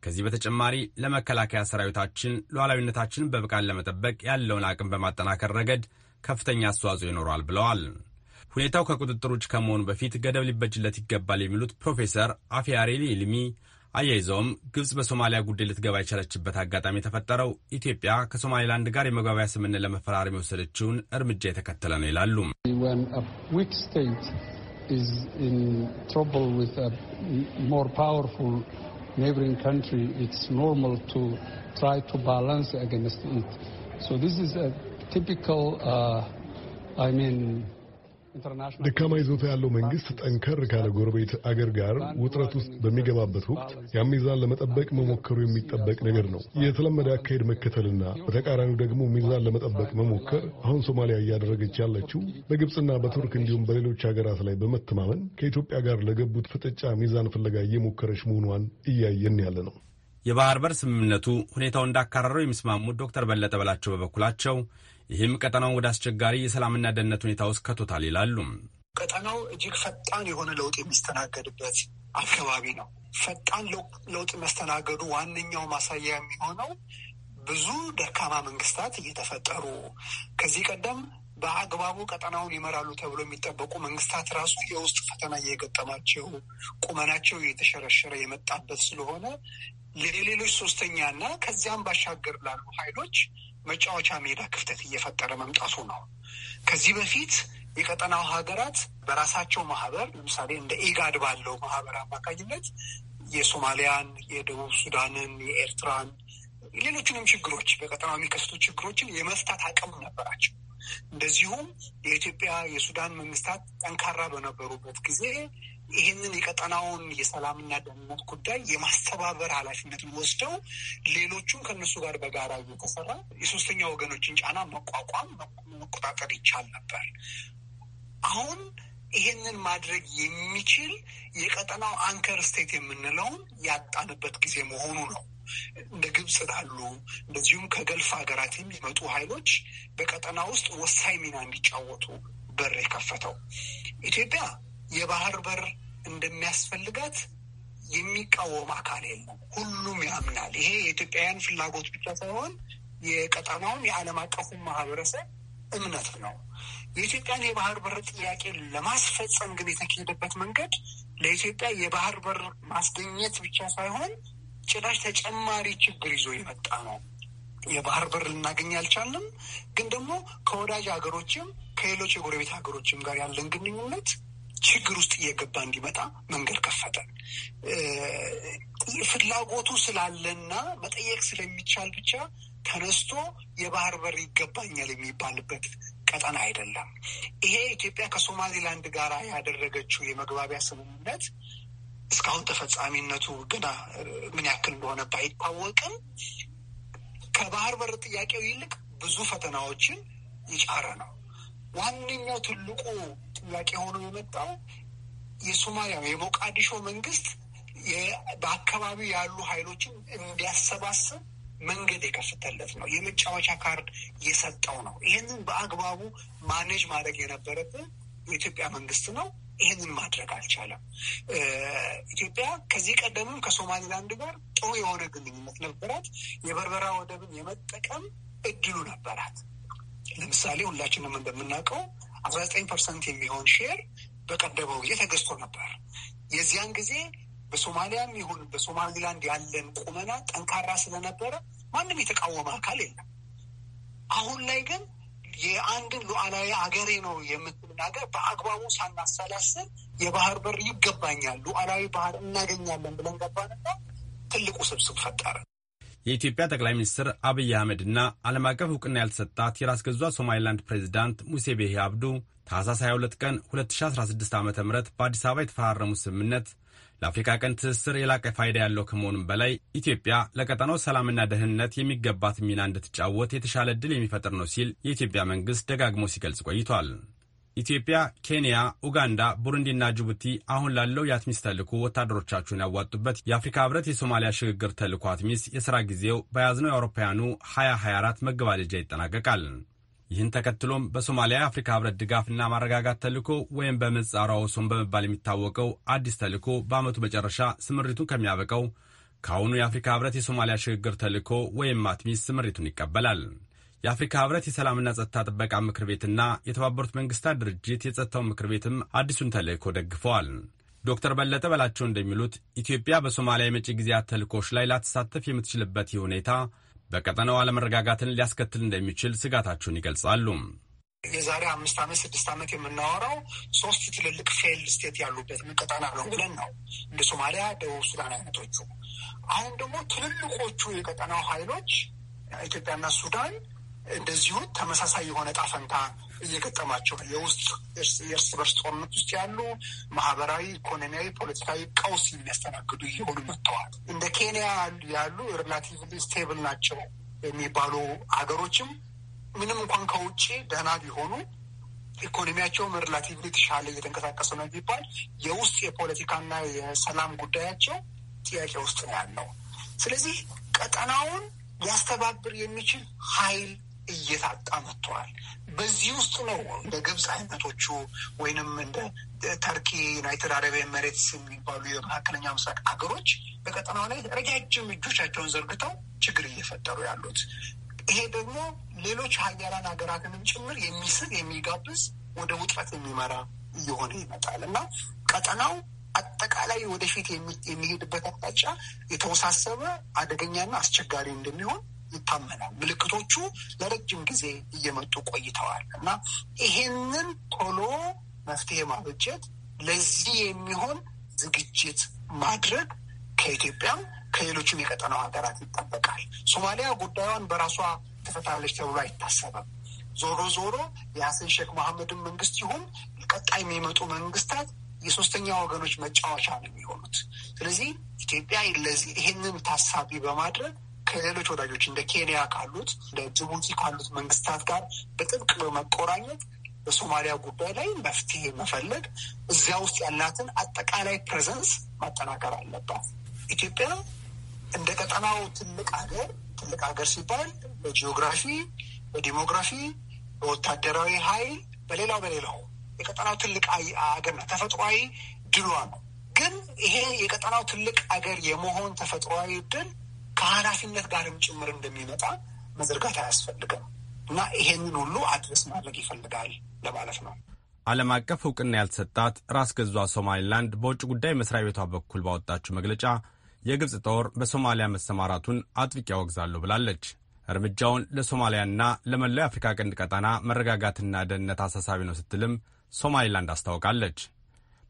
ከዚህ በተጨማሪ ለመከላከያ ሰራዊታችን ሉዓላዊነታችንን በብቃት ለመጠበቅ ያለውን አቅም በማጠናከር ረገድ ከፍተኛ አስተዋጽኦ ይኖረዋል ብለዋል። ሁኔታው ከቁጥጥር ውጭ ከመሆኑ በፊት ገደብ ሊበጅለት ይገባል የሚሉት ፕሮፌሰር አፊያሬሊ ኢልሚ አያይዘውም ግብፅ በሶማሊያ ጉዳይ ልትገባ የቻለችበት አጋጣሚ የተፈጠረው ኢትዮጵያ ከሶማሌላንድ ጋር የመግባቢያ ስምምነት ለመፈራረም የወሰደችውን እርምጃ የተከተለ ነው ይላሉ። ደካማ ይዞታ ያለው መንግስት ጠንከር ካለ ጎረቤት አገር ጋር ውጥረት ውስጥ በሚገባበት ወቅት ያን ሚዛን ለመጠበቅ መሞከሩ የሚጠበቅ ነገር ነው። የተለመደ አካሄድ መከተልና በተቃራኒው ደግሞ ሚዛን ለመጠበቅ መሞከር አሁን ሶማሊያ እያደረገች ያለችው በግብፅና በቱርክ እንዲሁም በሌሎች ሀገራት ላይ በመተማመን ከኢትዮጵያ ጋር ለገቡት ፍጥጫ ሚዛን ፍለጋ እየሞከረች መሆኗን እያየን ያለ ነው። የባህር በር ስምምነቱ ሁኔታው እንዳካረረው የሚስማሙት ዶክተር በለጠ በላቸው በበኩላቸው ይህም ቀጠናውን ወደ አስቸጋሪ የሰላምና ደህንነት ሁኔታ ውስጥ ከቶታል ይላሉ። ቀጠናው እጅግ ፈጣን የሆነ ለውጥ የሚስተናገድበት አካባቢ ነው። ፈጣን ለውጥ መስተናገዱ ዋነኛው ማሳያ የሚሆነው ብዙ ደካማ መንግስታት እየተፈጠሩ ከዚህ ቀደም በአግባቡ ቀጠናውን ይመራሉ ተብሎ የሚጠበቁ መንግስታት ራሱ የውስጥ ፈተና እየገጠማቸው ቁመናቸው እየተሸረሸረ የመጣበት ስለሆነ ለሌሎች እና ከዚያም ባሻገር ላሉ ኃይሎች መጫወቻ ሜዳ ክፍተት እየፈጠረ መምጣቱ ነው። ከዚህ በፊት የቀጠናው ሀገራት በራሳቸው ማህበር ለምሳሌ እንደ ኢጋድ ባለው ማህበር አማካኝነት የሶማሊያን፣ የደቡብ ሱዳንን፣ የኤርትራን፣ ሌሎችንም ችግሮች በቀጠናው የሚከሰቱ ችግሮችን የመፍታት አቅም ነበራቸው። እንደዚሁም የኢትዮጵያ የሱዳን መንግስታት ጠንካራ በነበሩበት ጊዜ ይህንን የቀጠናውን የሰላምና ደህንነት ጉዳይ የማስተባበር ኃላፊነትን ወስደው ሌሎቹን ከእነሱ ጋር በጋራ እየተሰራ የሶስተኛ ወገኖችን ጫና መቋቋም መቆጣጠር ይቻል ነበር። አሁን ይህንን ማድረግ የሚችል የቀጠናው አንከር ስቴት የምንለውን ያጣንበት ጊዜ መሆኑ ነው። እንደ ግብፅ ላሉ እንደዚሁም ከገልፍ ሀገራት የሚመጡ ኃይሎች በቀጠና ውስጥ ወሳኝ ሚና እንዲጫወቱ በር የከፈተው ኢትዮጵያ የባህር በር እንደሚያስፈልጋት የሚቃወም አካል የለም። ሁሉም ያምናል። ይሄ የኢትዮጵያውያን ፍላጎት ብቻ ሳይሆን የቀጠናውም የዓለም አቀፉን ማህበረሰብ እምነት ነው። የኢትዮጵያን የባህር በር ጥያቄ ለማስፈጸም ግን የተካሄደበት መንገድ ለኢትዮጵያ የባህር በር ማስገኘት ብቻ ሳይሆን ጭራሽ ተጨማሪ ችግር ይዞ የመጣ ነው። የባህር በር ልናገኝ አልቻልንም። ግን ደግሞ ከወዳጅ ሀገሮችም ከሌሎች የጎረቤት ሀገሮችም ጋር ያለን ግንኙነት ችግር ውስጥ እየገባ እንዲመጣ መንገድ ከፈተ። ፍላጎቱ ስላለና መጠየቅ ስለሚቻል ብቻ ተነስቶ የባህር በር ይገባኛል የሚባልበት ቀጠና አይደለም። ይሄ ኢትዮጵያ ከሶማሌላንድ ጋር ያደረገችው የመግባቢያ ስምምነት እስካሁን ተፈጻሚነቱ ገና ምን ያክል እንደሆነ ባይታወቅም ከባህር በር ጥያቄው ይልቅ ብዙ ፈተናዎችን የጫረ ነው። ዋነኛው ትልቁ ጥያቄ ሆኖ የመጣው የሶማሊያ የሞቃዲሾ መንግስት በአካባቢው ያሉ ኃይሎችን እንዲያሰባስብ መንገድ የከፈተለት ነው። የመጫወቻ ካርድ የሰጠው ነው። ይህንን በአግባቡ ማኔጅ ማድረግ የነበረብን የኢትዮጵያ መንግስት ነው። ይህንን ማድረግ አልቻለም። ኢትዮጵያ ከዚህ ቀደምም ከሶማሊላንድ ጋር ጥሩ የሆነ ግንኙነት ነበራት። የበርበራ ወደብን የመጠቀም እድሉ ነበራት። ለምሳሌ ሁላችንም እንደምናውቀው አስራ ዘጠኝ ፐርሰንት የሚሆን ሼር በቀደመው ጊዜ ተገዝቶ ነበር። የዚያን ጊዜ በሶማሊያም ይሁን በሶማሊላንድ ያለን ቁመና ጠንካራ ስለነበረ ማንም የተቃወመ አካል የለም። አሁን ላይ ግን የአንድን ሉዓላዊ አገሬ ነው የምትል ነገር በአግባቡ ሳናሰላስል የባህር በር ይገባኛል፣ ሉዓላዊ ባህር እናገኛለን ብለን ገባንና ትልቁ ስብስብ ፈጠረ። የኢትዮጵያ ጠቅላይ ሚኒስትር አብይ አህመድና ዓለም አቀፍ እውቅና ያልተሰጣት የራስ ገዟ ሶማሊላንድ ፕሬዚዳንት ሙሴ ቤሄ አብዱ ታህሳስ 22 ቀን 2016 ዓ ም በአዲስ አበባ የተፈራረሙት ስምምነት ለአፍሪካ ቀን ትስስር የላቀ ፋይዳ ያለው ከመሆኑም በላይ ኢትዮጵያ ለቀጠናው ሰላምና ደህንነት የሚገባት ሚና እንድትጫወት የተሻለ እድል የሚፈጥር ነው ሲል የኢትዮጵያ መንግሥት ደጋግሞ ሲገልጽ ቆይቷል። ኢትዮጵያ፣ ኬንያ፣ ኡጋንዳ፣ ቡሩንዲና ጅቡቲ አሁን ላለው የአትሚስ ተልዕኮ ወታደሮቻችሁን ያዋጡበት የአፍሪካ ህብረት የሶማሊያ ሽግግር ተልዕኮ አትሚስ የሥራ ጊዜው በያዝነው የአውሮፓውያኑ 2024 መገባደጃ ይጠናቀቃል። ይህን ተከትሎም በሶማሊያ የአፍሪካ ህብረት ድጋፍና ማረጋጋት ተልዕኮ ወይም በምህጻሩ ሶም በመባል የሚታወቀው አዲስ ተልኮ በዓመቱ መጨረሻ ስምሪቱን ከሚያበቀው ከአሁኑ የአፍሪካ ህብረት የሶማሊያ ሽግግር ተልዕኮ ወይም አትሚስ ስምሪቱን ይቀበላል። የአፍሪካ ህብረት የሰላምና ጸጥታ ጥበቃ ምክር ቤትና የተባበሩት መንግስታት ድርጅት የጸጥታው ምክር ቤትም አዲሱን ተልእኮ ደግፈዋል። ዶክተር በለጠ በላቸው እንደሚሉት ኢትዮጵያ በሶማሊያ የመጪ ጊዜያት ተልእኮች ላይ ላትሳተፍ የምትችልበት ይህ ሁኔታ በቀጠናው አለመረጋጋትን ሊያስከትል እንደሚችል ስጋታቸውን ይገልጻሉ። የዛሬ አምስት ዓመት ስድስት ዓመት የምናወራው ሶስት ትልልቅ ፌል ስቴት ያሉበት ቀጠና ነው ብለን ነው እንደ ሶማሊያ፣ ደቡብ ሱዳን አይነቶቹ። አሁን ደግሞ ትልልቆቹ የቀጠናው ኃይሎች ኢትዮጵያና ሱዳን እንደዚሁ ተመሳሳይ የሆነ ጣፈንታ እየገጠማቸው ነው። የውስጥ የእርስ በርስ ጦርነት ውስጥ ያሉ ማህበራዊ፣ ኢኮኖሚያዊ፣ ፖለቲካዊ ቀውስ የሚያስተናግዱ እየሆኑ መጥተዋል። እንደ ኬንያ ያሉ ሪላቲቭሊ ስቴብል ናቸው የሚባሉ ሀገሮችም ምንም እንኳን ከውጭ ደህና ቢሆኑ ኢኮኖሚያቸውም ሪላቲቭሊ የተሻለ እየተንቀሳቀሰ ነው የሚባል የውስጥ የፖለቲካና የሰላም ጉዳያቸው ጥያቄ ውስጥ ነው ያለው። ስለዚህ ቀጠናውን ሊያስተባብር የሚችል ኃይል እየታጣ መጥተዋል። በዚህ ውስጥ ነው እንደ ግብፅ አይነቶቹ ወይንም እንደ ተርኪ፣ ዩናይትድ አረብ ኤምሬትስ የሚባሉ የመካከለኛ ምስራቅ ሀገሮች በቀጠናው ላይ ረጃጅም እጆቻቸውን ዘርግተው ችግር እየፈጠሩ ያሉት። ይሄ ደግሞ ሌሎች ሀያላን ሀገራትንም ጭምር የሚስብ የሚጋብዝ ወደ ውጥረት የሚመራ እየሆነ ይመጣል እና ቀጠናው አጠቃላይ ወደፊት የሚሄድበት አቅጣጫ የተወሳሰበ አደገኛና አስቸጋሪ እንደሚሆን ይታመናል። ምልክቶቹ ለረጅም ጊዜ እየመጡ ቆይተዋል እና ይሄንን ቶሎ መፍትሄ ማበጀት፣ ለዚህ የሚሆን ዝግጅት ማድረግ ከኢትዮጵያም ከሌሎችም የቀጠናው ሀገራት ይጠበቃል። ሶማሊያ ጉዳዩን በራሷ ትፈታለች ተብሎ አይታሰብም። ዞሮ ዞሮ የሀሰን ሼክ መሐመድን መንግስት ይሁን ቀጣይ የሚመጡ መንግስታት የሶስተኛ ወገኖች መጫወቻ ነው የሚሆኑት። ስለዚህ ኢትዮጵያ ይህንን ታሳቢ በማድረግ ከሌሎች ወዳጆች እንደ ኬንያ ካሉት እንደ ጅቡቲ ካሉት መንግስታት ጋር በጥብቅ በመቆራኘት በሶማሊያ ጉዳይ ላይ መፍትሄ መፈለግ፣ እዚያ ውስጥ ያላትን አጠቃላይ ፕሬዘንስ ማጠናከር አለባት። ኢትዮጵያ እንደ ቀጠናው ትልቅ ሀገር ትልቅ ሀገር ሲባል በጂኦግራፊ፣ በዲሞግራፊ፣ በወታደራዊ ኃይል፣ በሌላው በሌላው የቀጠናው ትልቅ ሀገር ነው። ተፈጥሯዊ ድሏ ነው። ግን ይሄ የቀጠናው ትልቅ ሀገር የመሆን ተፈጥሯዊ ድል ከኃላፊነት ጋርም ጭምር እንደሚመጣ መዘርጋት አያስፈልግም እና ይሄንን ሁሉ አድረስ ማድረግ ይፈልጋል ለማለት ነው። ዓለም አቀፍ እውቅና ያልተሰጣት ራስ ገዟ ሶማሊላንድ በውጭ ጉዳይ መስሪያ ቤቷ በኩል ባወጣችው መግለጫ የግብፅ ጦር በሶማሊያ መሰማራቱን አጥብቅ ያወግዛሉ ብላለች። እርምጃውን ለሶማሊያና ለመላው የአፍሪካ ቀንድ ቀጠና መረጋጋትና ደህንነት አሳሳቢ ነው ስትልም ሶማሊላንድ አስታውቃለች።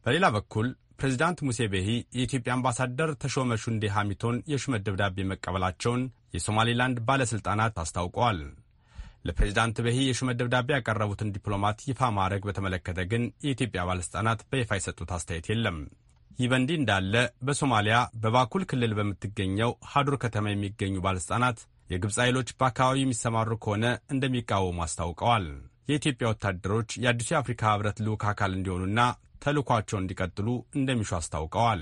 በሌላ በኩል ፕሬዚዳንት ቤሂ የኢትዮጵያ አምባሳደር ተሾመ ሹንዴ ሐሚቶን የሹመት ደብዳቤ መቀበላቸውን የሶማሌላንድ ባለሥልጣናት አስታውቀዋል። ለፕሬዚዳንት ቤሂ የሹመት ደብዳቤ ያቀረቡትን ዲፕሎማት ይፋ ማድረግ በተመለከተ ግን የኢትዮጵያ ባለሥልጣናት በይፋ የሰጡት አስተያየት የለም። ይህ በእንዲህ እንዳለ በሶማሊያ በባኩል ክልል በምትገኘው ሀዱር ከተማ የሚገኙ ባለሥልጣናት የግብፅ ኃይሎች በአካባቢው የሚሰማሩ ከሆነ እንደሚቃወሙ አስታውቀዋል። የኢትዮጵያ ወታደሮች የአዲሱ የአፍሪካ ህብረት ልዑክ አካል እንዲሆኑና ተልኳቸውን እንዲቀጥሉ እንደሚሹ አስታውቀዋል።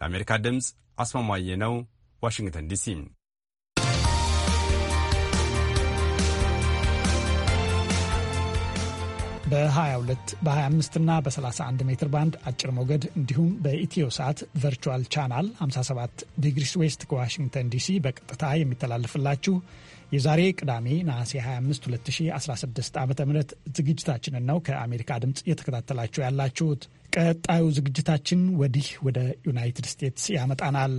ለአሜሪካ ድምፅ አስማማየ ነው፣ ዋሽንግተን ዲሲ። በ22 በ25 እና በ31 ሜትር ባንድ አጭር ሞገድ እንዲሁም በኢትዮ ሰዓት ቨርቹዋል ቻናል 57 ዲግሪስ ዌስት ከዋሽንግተን ዲሲ በቀጥታ የሚተላለፍላችሁ የዛሬ ቅዳሜ ነሐሴ 25 2016 ዓ ም ዝግጅታችንን ነው ከአሜሪካ ድምፅ እየተከታተላችሁ ያላችሁት። ቀጣዩ ዝግጅታችን ወዲህ ወደ ዩናይትድ ስቴትስ ያመጣናል።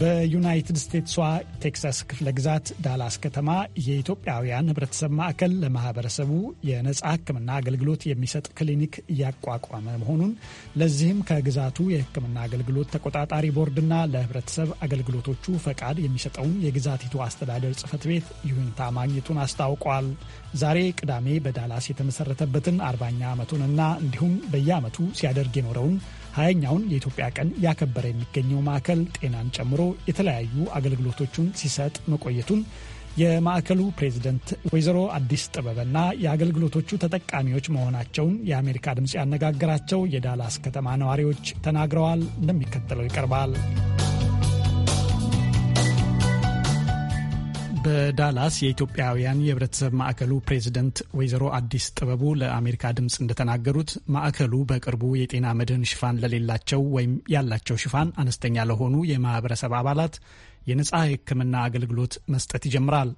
በዩናይትድ ስቴትሷ ቴክሳስ ክፍለ ግዛት ዳላስ ከተማ የኢትዮጵያውያን ህብረተሰብ ማዕከል ለማህበረሰቡ የነጻ ሕክምና አገልግሎት የሚሰጥ ክሊኒክ እያቋቋመ መሆኑን ለዚህም ከግዛቱ የሕክምና አገልግሎት ተቆጣጣሪ ቦርድና ለህብረተሰብ አገልግሎቶቹ ፈቃድ የሚሰጠውን የግዛቲቱ አስተዳደር ጽህፈት ቤት ይሁንታ ማግኘቱን አስታውቋል። ዛሬ ቅዳሜ በዳላስ የተመሰረተበትን አርባኛ ዓመቱንና እንዲሁም በየዓመቱ ሲያደርግ የኖረውን ሀያኛውን የኢትዮጵያ ቀን ያከበረ የሚገኘው ማዕከል ጤናን ጨምሮ የተለያዩ አገልግሎቶቹን ሲሰጥ መቆየቱን የማዕከሉ ፕሬዚደንት ወይዘሮ አዲስ ጥበበና የአገልግሎቶቹ ተጠቃሚዎች መሆናቸውን የአሜሪካ ድምፅ ያነጋገራቸው የዳላስ ከተማ ነዋሪዎች ተናግረዋል። እንደሚከተለው ይቀርባል። በዳላስ የኢትዮጵያውያን የህብረተሰብ ማዕከሉ ፕሬዝደንት ወይዘሮ አዲስ ጥበቡ ለአሜሪካ ድምፅ እንደተናገሩት ማዕከሉ በቅርቡ የጤና መድህን ሽፋን ለሌላቸው ወይም ያላቸው ሽፋን አነስተኛ ለሆኑ የማህበረሰብ አባላት የነፃ የህክምና አገልግሎት መስጠት ይጀምራል።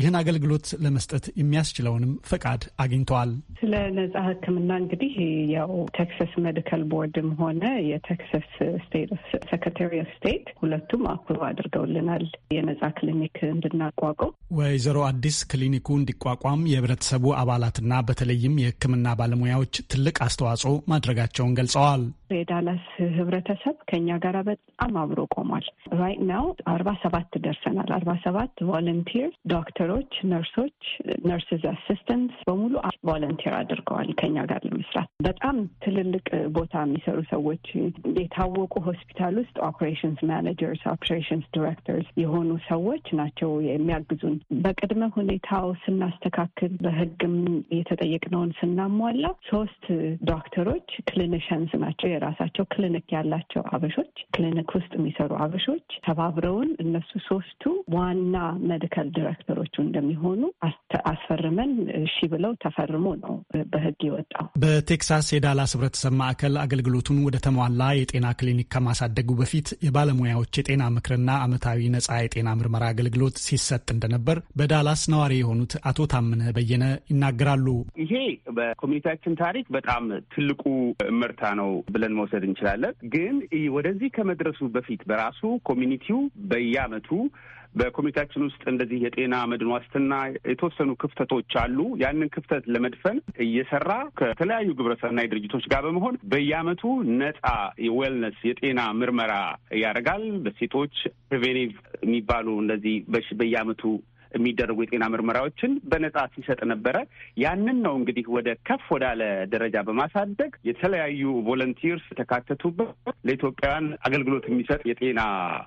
ይህን አገልግሎት ለመስጠት የሚያስችለውንም ፈቃድ አግኝተዋል። ስለ ነጻ ሕክምና እንግዲህ ያው ቴክሳስ ሜዲካል ቦርድም ሆነ የቴክሳስ ስቴት ሴክሬታሪ ኦፍ ስቴት ሁለቱም አኩሮ አድርገውልናል የነጻ ክሊኒክ እንድናቋቁም። ወይዘሮ አዲስ ክሊኒኩ እንዲቋቋም የህብረተሰቡ አባላትና በተለይም የህክምና ባለሙያዎች ትልቅ አስተዋጽኦ ማድረጋቸውን ገልጸዋል። የዳላስ ህብረተሰብ ከኛ ጋር በጣም አብሮ ቆሟል። ራይት ናው አርባ ሰባት ደርሰናል። አርባ ሰባት ቮለንቲር ዶክተሮች፣ ነርሶች፣ ነርስስ አሲስተንት በሙሉ ቮለንቲር አድርገዋል ከኛ ጋር ለመስራት በጣም ትልልቅ ቦታ የሚሰሩ ሰዎች የታወቁ ሆስፒታል ውስጥ ኦፕሬሽንስ ማኔጀርስ፣ ኦፕሬሽንስ ዲሬክተርስ የሆኑ ሰዎች ናቸው የሚያግዙን። በቅድመ ሁኔታው ስናስተካክል በህግም የተጠየቅነውን ስናሟላ ሶስት ዶክተሮች ክሊኒሽንስ ናቸው የራሳቸው ክሊኒክ ያላቸው አበሾች ክሊኒክ ውስጥ የሚሰሩ አበሾች ተባብረውን እነሱ ሶስቱ ዋና ሜዲካል ዲሬክተሮቹ እንደሚሆኑ አስፈርመን እሺ ብለው ተፈርሞ ነው በህግ የወጣው። በቴክሳስ የዳላስ ህብረተሰብ ማዕከል አገልግሎቱን ወደ ተሟላ የጤና ክሊኒክ ከማሳደጉ በፊት የባለሙያዎች የጤና ምክርና አመታዊ ነጻ የጤና ምርመራ አገልግሎት ሲሰጥ እንደነበር በዳላስ ነዋሪ የሆኑት አቶ ታምነ በየነ ይናገራሉ። ይሄ በኮሚኒቲያችን ታሪክ በጣም ትልቁ ምርታ ነው ብለን ብለን መውሰድ እንችላለን። ግን ወደዚህ ከመድረሱ በፊት በራሱ ኮሚኒቲው በየአመቱ በኮሚኒቲያችን ውስጥ እንደዚህ የጤና መድን ዋስትና የተወሰኑ ክፍተቶች አሉ። ያንን ክፍተት ለመድፈን እየሰራ ከተለያዩ ግብረሰናይ ድርጅቶች ጋር በመሆን በየአመቱ ነጣ የዌልነስ የጤና ምርመራ ያደርጋል። በሴቶች ፕሪቬኒቭ የሚባሉ እንደዚህ በየአመቱ የሚደረጉ የጤና ምርመራዎችን በነጻ ሲሰጥ ነበረ። ያንን ነው እንግዲህ ወደ ከፍ ወዳለ ደረጃ በማሳደግ የተለያዩ ቮለንቲርስ የተካተቱበት ለኢትዮጵያውያን አገልግሎት የሚሰጥ የጤና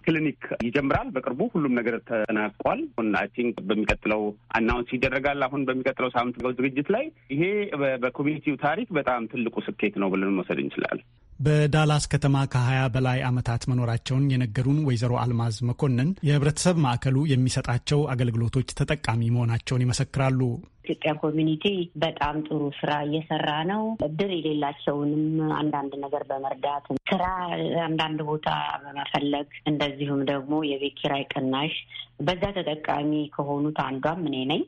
ክሊኒክ ይጀምራል። በቅርቡ ሁሉም ነገር ተጠናቋል። አይ ቲንክ በሚቀጥለው አናውንስ ይደረጋል። አሁን በሚቀጥለው ሳምንት ዝግጅት ላይ ይሄ በኮሚኒቲው ታሪክ በጣም ትልቁ ስኬት ነው ብለን መውሰድ እንችላለን። በዳላስ ከተማ ከ20 በላይ ዓመታት መኖራቸውን የነገሩን ወይዘሮ አልማዝ መኮንን የህብረተሰብ ማዕከሉ የሚሰጣቸው አገልግሎቶች ተጠቃሚ መሆናቸውን ይመሰክራሉ። ኢትዮጵያ ኮሚኒቲ በጣም ጥሩ ስራ እየሰራ ነው። እድር የሌላቸውንም አንዳንድ ነገር በመርዳት ስራ አንዳንድ ቦታ በመፈለግ እንደዚሁም ደግሞ የቤት ኪራይ ቅናሽ በዛ ተጠቃሚ ከሆኑት አንዷም እኔ ነኝ።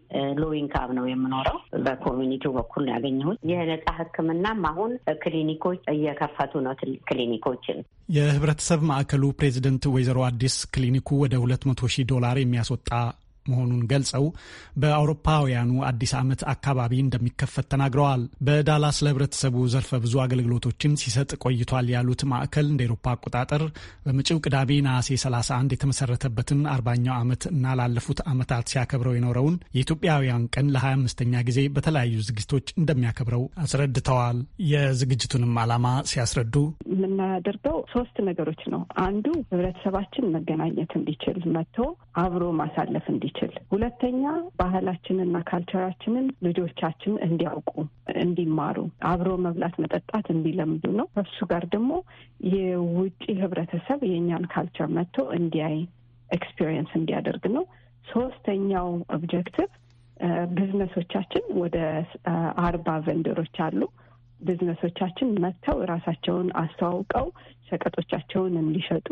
ሎዊንካብ ነው የምኖረው። በኮሚኒቲው በኩል ያገኘሁት። የነጻ ሕክምናም አሁን ክሊኒኮች እየከፈቱ ነው ክሊኒኮችን። የህብረተሰብ ማዕከሉ ፕሬዚደንት ወይዘሮ አዲስ ክሊኒኩ ወደ ሁለት መቶ ሺህ ዶላር የሚያስወጣ መሆኑን ገልጸው በአውሮፓውያኑ አዲስ ዓመት አካባቢ እንደሚከፈት ተናግረዋል። በዳላስ ለህብረተሰቡ ዘርፈ ብዙ አገልግሎቶችን ሲሰጥ ቆይቷል ያሉት ማዕከል እንደ ኤሮፓ አቆጣጠር በመጪው ቅዳሜ ነሐሴ 31 የተመሰረተበትን አርባኛው ዓመት እና ላለፉት ዓመታት ሲያከብረው የኖረውን የኢትዮጵያውያን ቀን ለ25ኛ ጊዜ በተለያዩ ዝግጅቶች እንደሚያከብረው አስረድተዋል። የዝግጅቱንም ዓላማ ሲያስረዱ የምናደርገው ሶስት ነገሮች ነው። አንዱ ህብረተሰባችን መገናኘት እንዲችል መጥቶ አብሮ ማሳለፍ እንዲችል እንድንችል፣ ሁለተኛ ባህላችንና ካልቸራችንን ልጆቻችን እንዲያውቁ እንዲማሩ፣ አብሮ መብላት መጠጣት እንዲለምዱ ነው። ከሱ ጋር ደግሞ የውጭ ህብረተሰብ የእኛን ካልቸር መጥቶ እንዲያይ ኤክስፒሪየንስ እንዲያደርግ ነው። ሶስተኛው ኦብጀክቲቭ ቢዝነሶቻችን ወደ አርባ ቬንደሮች አሉ ቢዝነሶቻችን መጥተው ራሳቸውን አስተዋውቀው ሸቀጦቻቸውን እንዲሸጡ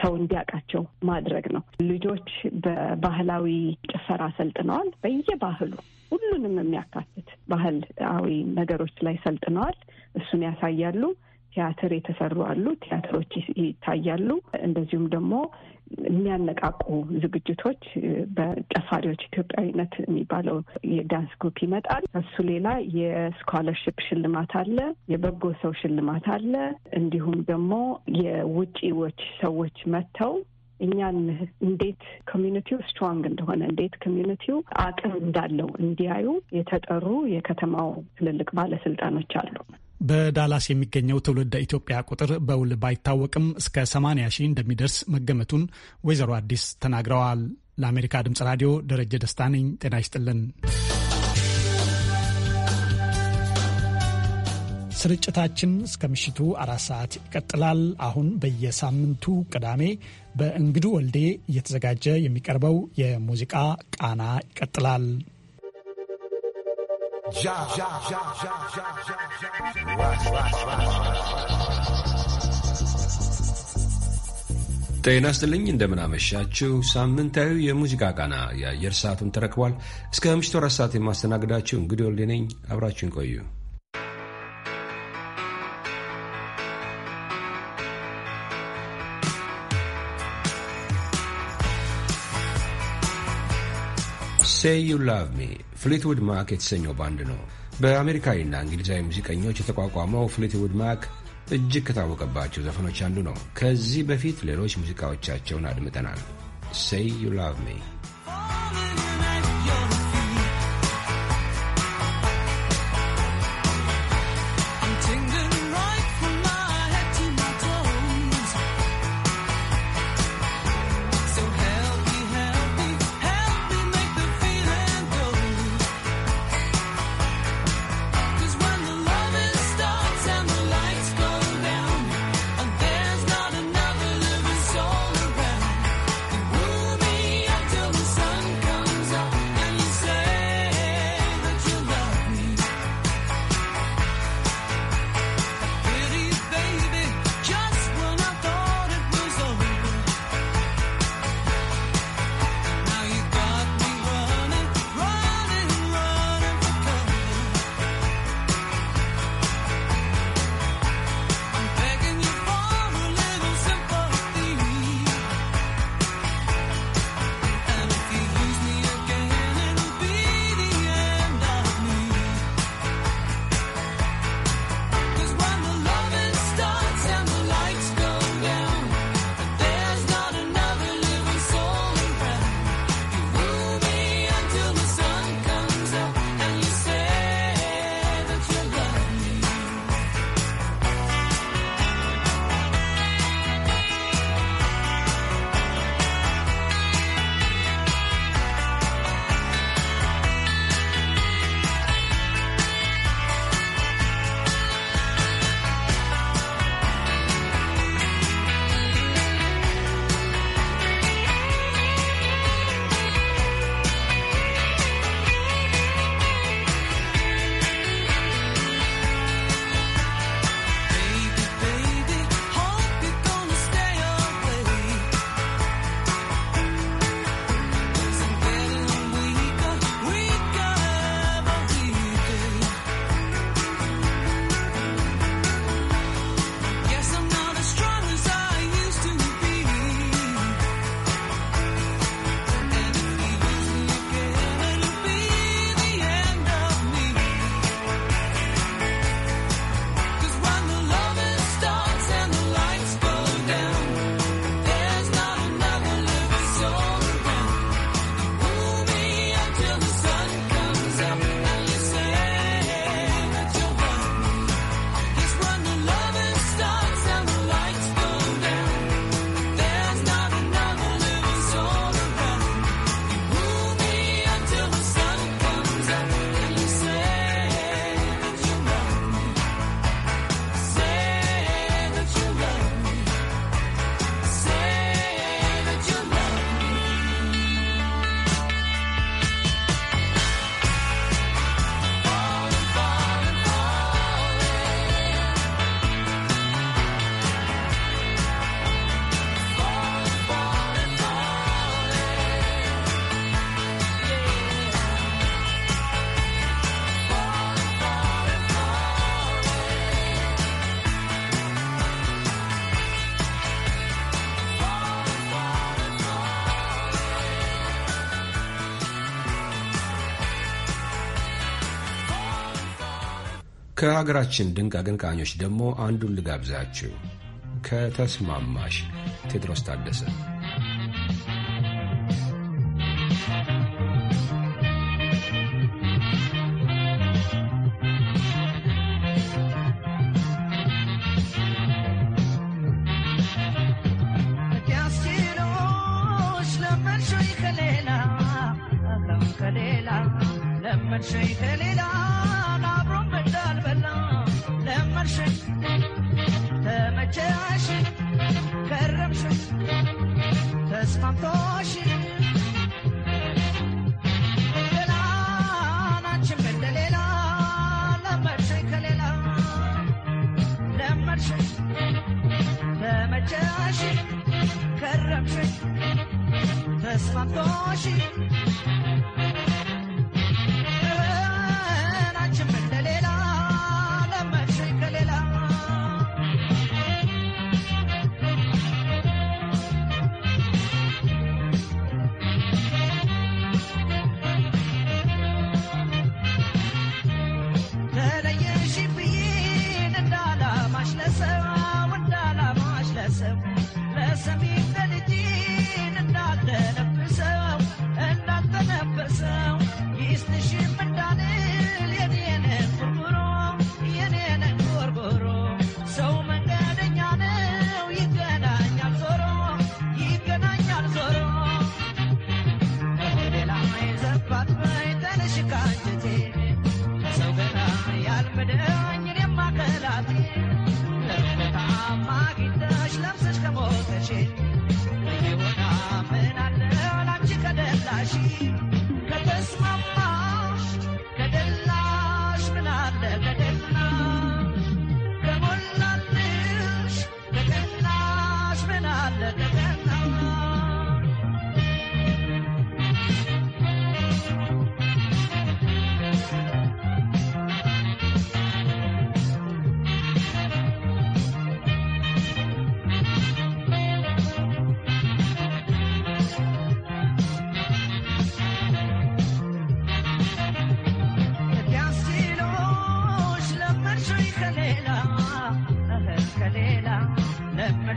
ሰው እንዲያውቃቸው ማድረግ ነው። ልጆች በባህላዊ ጭፈራ ሰልጥነዋል። በየባህሉ ሁሉንም የሚያካትት ባህላዊ ነገሮች ላይ ሰልጥነዋል። እሱን ያሳያሉ። ቲያትር የተሰሩ አሉ። ቲያትሮች ይታያሉ። እንደዚሁም ደግሞ የሚያነቃቁ ዝግጅቶች በጨፋሪዎች ኢትዮጵያዊነት የሚባለው የዳንስ ግሩፕ ይመጣል። እሱ ሌላ የስኮለርሽፕ ሽልማት አለ፣ የበጎ ሰው ሽልማት አለ። እንዲሁም ደግሞ የውጪዎች ሰዎች መጥተው እኛን እንዴት ኮሚኒቲው ስትሮንግ እንደሆነ እንዴት ኮሚኒቲው አቅም እንዳለው እንዲያዩ የተጠሩ የከተማው ትልልቅ ባለስልጣኖች አሉ። በዳላስ የሚገኘው ትውልደ ኢትዮጵያ ቁጥር በውል ባይታወቅም እስከ 80 ሺህ እንደሚደርስ መገመቱን ወይዘሮ አዲስ ተናግረዋል። ለአሜሪካ ድምፅ ራዲዮ ደረጀ ደስታ ነኝ። ጤና ይስጥልን። ስርጭታችን እስከ ምሽቱ አራት ሰዓት ይቀጥላል። አሁን በየሳምንቱ ቅዳሜ በእንግዱ ወልዴ እየተዘጋጀ የሚቀርበው የሙዚቃ ቃና ይቀጥላል። Já, já, já, já, já, já, já. ጤና ይስጥልኝ እንደምናመሻችው ሳምንታዊ የሙዚቃ ቃና የአየር ሰዓቱን ተረክቧል። እስከ ምሽቱ አራት ሰዓት የማስተናግዳችሁ እንግዲህ ወልዴ ነኝ። አብራችሁን ቆዩ። ሴይ ዩ ላቭ ሚ ፍሊትውድ ማክ የተሰኘው ባንድ ነው። በአሜሪካዊና እንግሊዛዊ ሙዚቀኞች የተቋቋመው ፍሊትውድ ማክ እጅግ ከታወቀባቸው ዘፈኖች አንዱ ነው። ከዚህ በፊት ሌሎች ሙዚቃዎቻቸውን አድምጠናል። ሴይ ዩ ላቭ ሚ ከሀገራችን ድንቅ አቀንቃኞች ደግሞ አንዱን ልጋብዛችሁ ከተስማማሽ ቴድሮስ ታደሰ ተስማምቶሽ ገና ናችን እንደሌላ ለመድሽኝ ከሌላ ለመድሽኝ ተመቸሽ ከረምሽኝ ተስማምቶሽ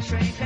train.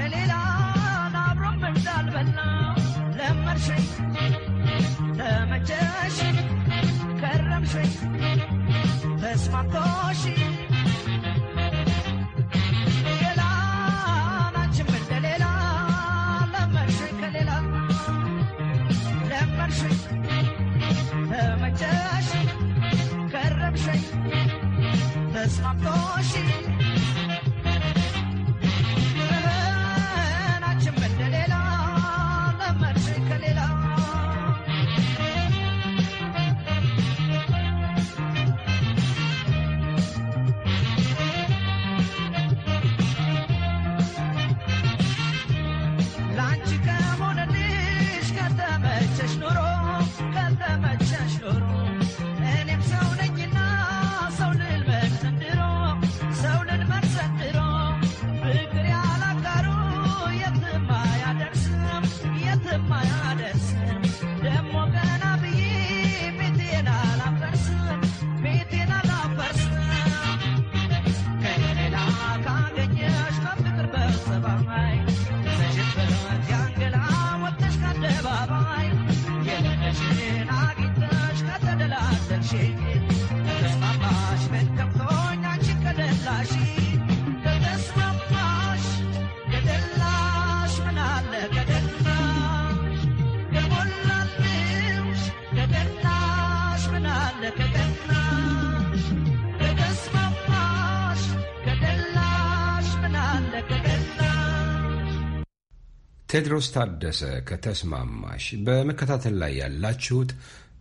ቴድሮስ ታደሰ ከተስማማሽ በመከታተል ላይ ያላችሁት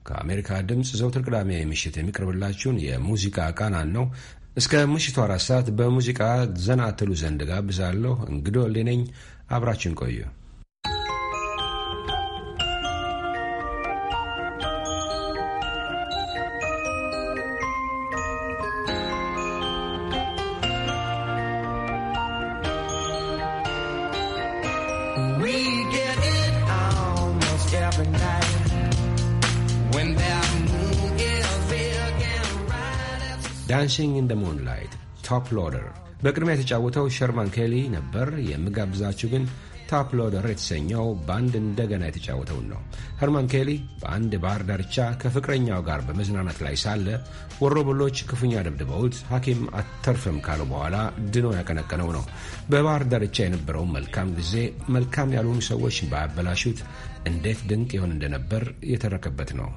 ከአሜሪካ ድምፅ ዘውትር ቅዳሜ ምሽት የሚቀርብላችሁን የሙዚቃ ቃናን ነው። እስከ ምሽቱ አራት ሰዓት በሙዚቃ ዘና ትሉ ዘንድ ጋብዛለሁ። እንግዶ ሌነኝ አብራችን ቆዩ። ዳንሲንግ ኢን ደ ሞንላይት ቶፕ ሎደር በቅድሚያ የተጫወተው ሸርማን ኬሊ ነበር። የምጋብዛችሁ ግን ቶፕ ሎደር የተሰኘው ባንድ እንደገና የተጫወተውን ነው። ሄርማን ኬሊ በአንድ ባህር ዳርቻ ከፍቅረኛው ጋር በመዝናናት ላይ ሳለ ወሮበሎች ክፉኛ ደብድበውት ሐኪም አተርፍም ካሉ በኋላ ድኖ ያቀነቀነው ነው። በባህር ዳርቻ የነበረውን መልካም ጊዜ መልካም ያልሆኑ ሰዎች ባያበላሹት እንዴት ድንቅ ይሆን እንደነበር የተረከበት ነው።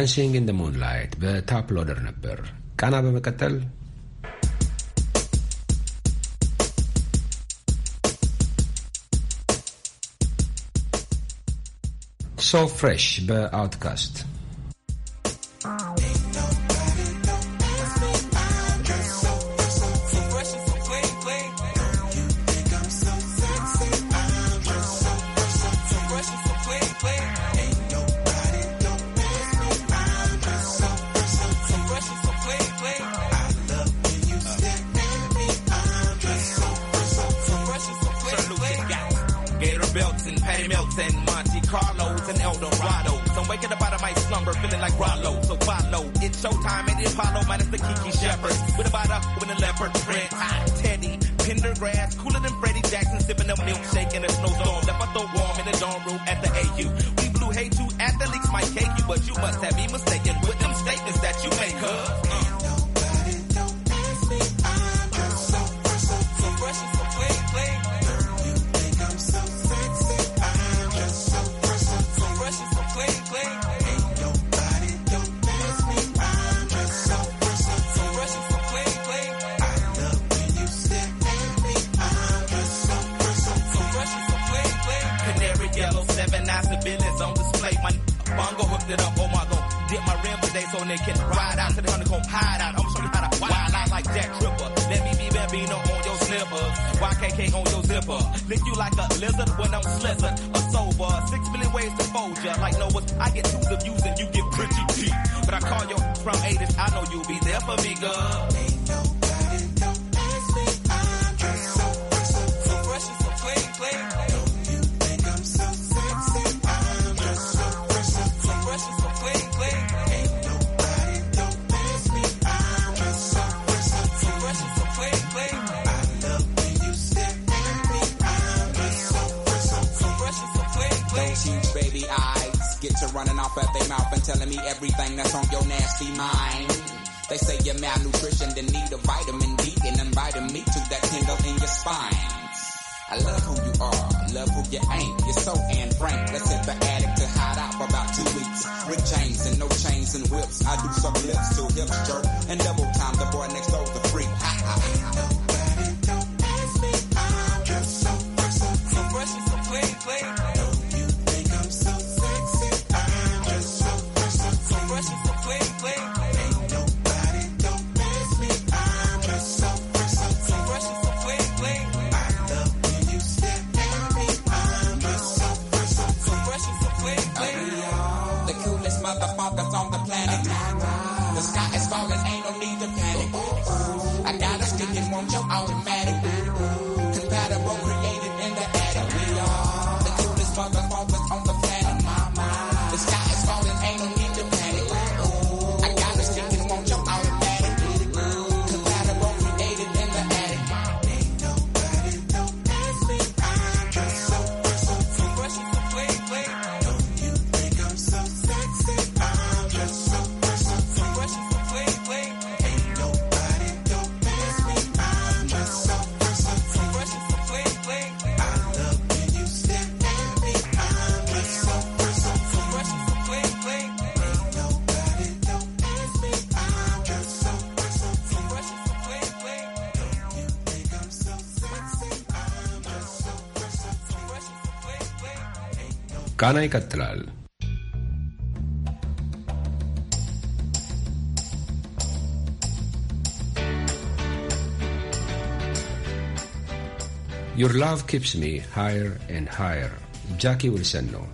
ዳንሲንግ ኢን ደ ሙንላይት በታፕ ሎደር ነበር። ቃና በመቀጠል ሶ ፍሬሽ በአውትካስት Pittsburgh red hot Teddy, Pendergrass, cooler than Freddie Jackson, sipping a milkshake in a snowstorm. Left my throat warm in the dorm room at the AU. We blew hay to athletes might cake you, but you must have me mistaken. KK on your zipper. Lick you like a lizard when I'm slizzard or sober. Six million ways to fold ya. Like Noah's, I get two of views and you get pretty deep. But I call your from 80s, I know you'll be there for me, girl. me everything that's on your nasty mind. They say you're malnutrition, then need a vitamin D and invite me to that tingle in your spine. I love who you are, love who you ain't. You're so and frank. Let's hit the attic to hide out for about two weeks. With chains and no chains and whips, I do some lips to hips jerk and double Your love keeps me higher and higher. Jackie Wilson. -Nor.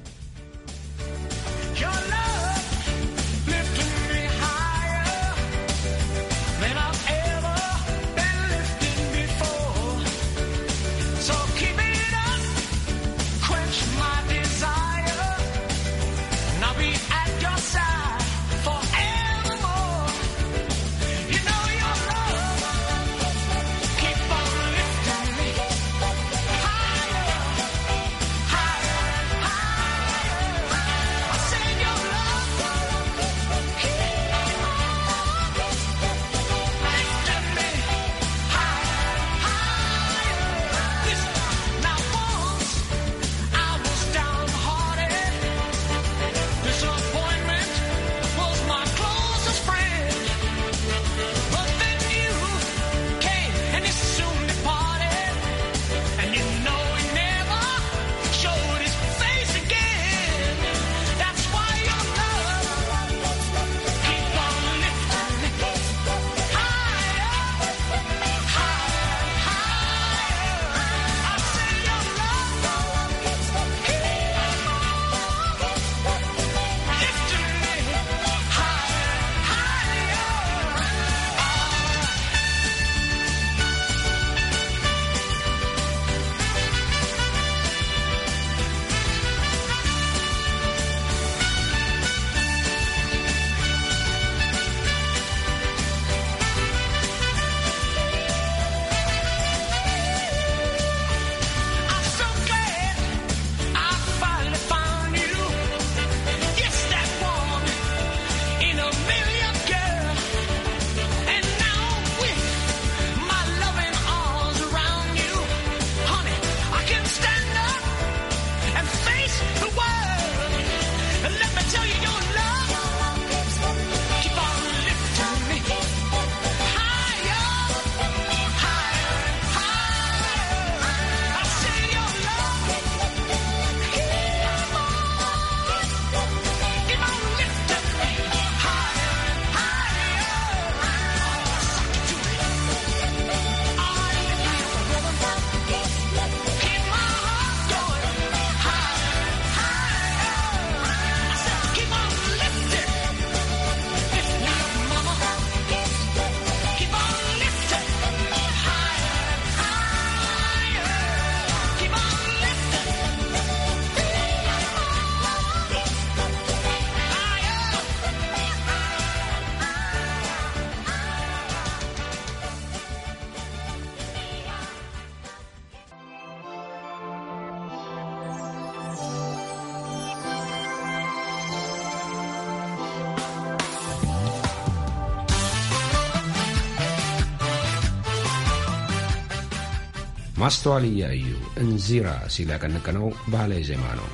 ማስተዋል እያዩ እንዚራ ሲል ያቀነቀነው ባህላዊ ዜማ ነው።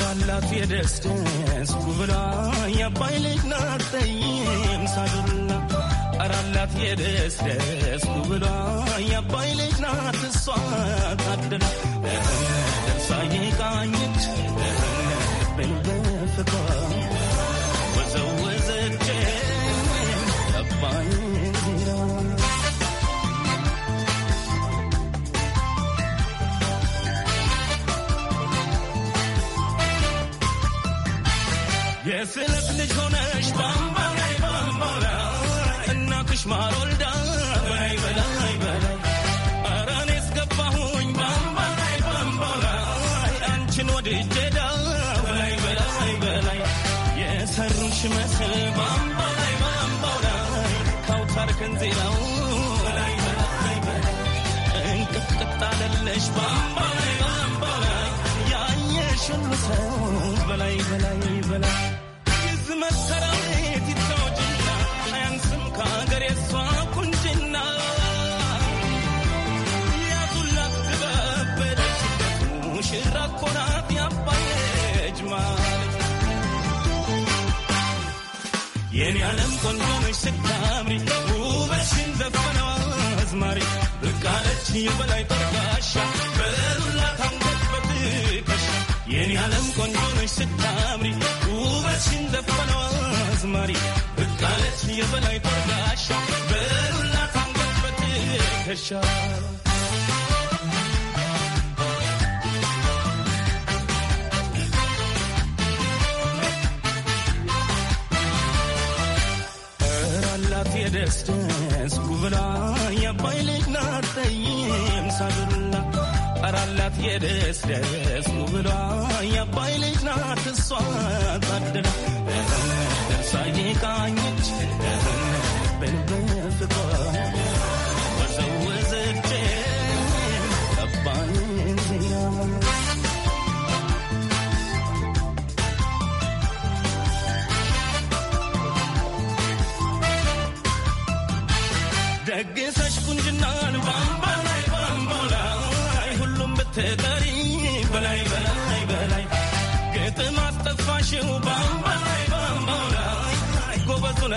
ራላት የደስደስ ብላ የአባይ ልጅ ሳዱላ ራላት የደስደስ የአባይ ልጅ ናት እሷ ታድላ ወዘወዘች አባይ የስለት ልጅ ሆነሽ ባምባላይ ባምባላ እናትሽ ማር ወልዳ በላይ በላይ በላይ ኧረ እኔስ ገባሁኝ ባምባላይ ባምባላ አንቺን ወድጄ ዳ በላይ በላይ በላይ የሰሩሽ መስል ባምባላይ ባምባላ ካውታር ከንዜላው በላይ በላይ በላይ እንቅጥቅጥ አለለሽ ባምባላይ ባምባላ ያየሽ ሁሉ ሰው በላይ በላይ በላይ ያለም ቆንጆ ነሽ ስታምሪ ውበትሽን ዘፈነዋ አዝማሪ ብቃለች የበላይ ጠርባሻ በሉላ ታንገበት የኔ ያለም ቆንጆ ነሽ ስታምሪ ውበትሽን ዘፈነዋ አዝማሪ ብቃለች የበላይ ጠርባሻ በሉላ ታንገበት ደስደስ ጉብላ የአባይ ልጅ ናት ጠይም ሳብላ አራላት የደስደስ ጉብላ የአባይ ልጅ ናት እሷ ታድላ ደርሳ የቃኘች በልበ ለገሰሽ ቁንጅናን ባምባላይ ባምቦላይ ሁሉም ብትጠሪ በላይ በላይ በላይ ግጥም አስጠፋሽው ባምባላይ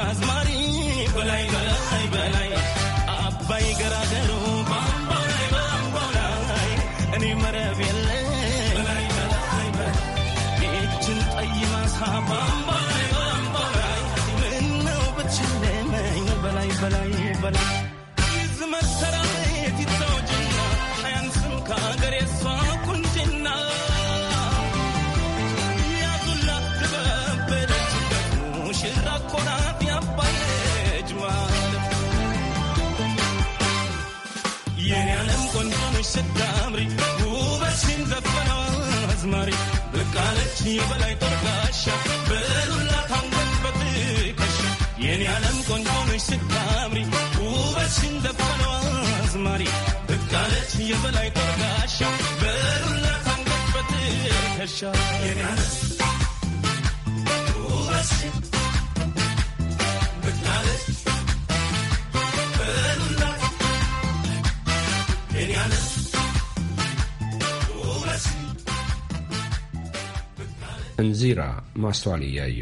አዝማሪ በላይ በላይ በላይ አባይ ገራገሩ ባምባላይ እኔ መረብ የለ በላይ በላይ በላይ ይችን ጠይማሳ ባምባ ስታምሪ ውበትሽን ዘፈና አዝማሪ ብቃለች የበላይ ጦርጋሻ በሉላ ታንበት ከሻ የኔ ዓለም ቆንጆ ነሽ ስታምሪ ውበትሽን ዘፈና አዝማሪ ብቃለች የበላይ ጦርጋሻ በሉላ ታንበት ከሻ የኔ ዓለም ውበትሽን ብቃለች እንዚራ ማስተዋል እያዩ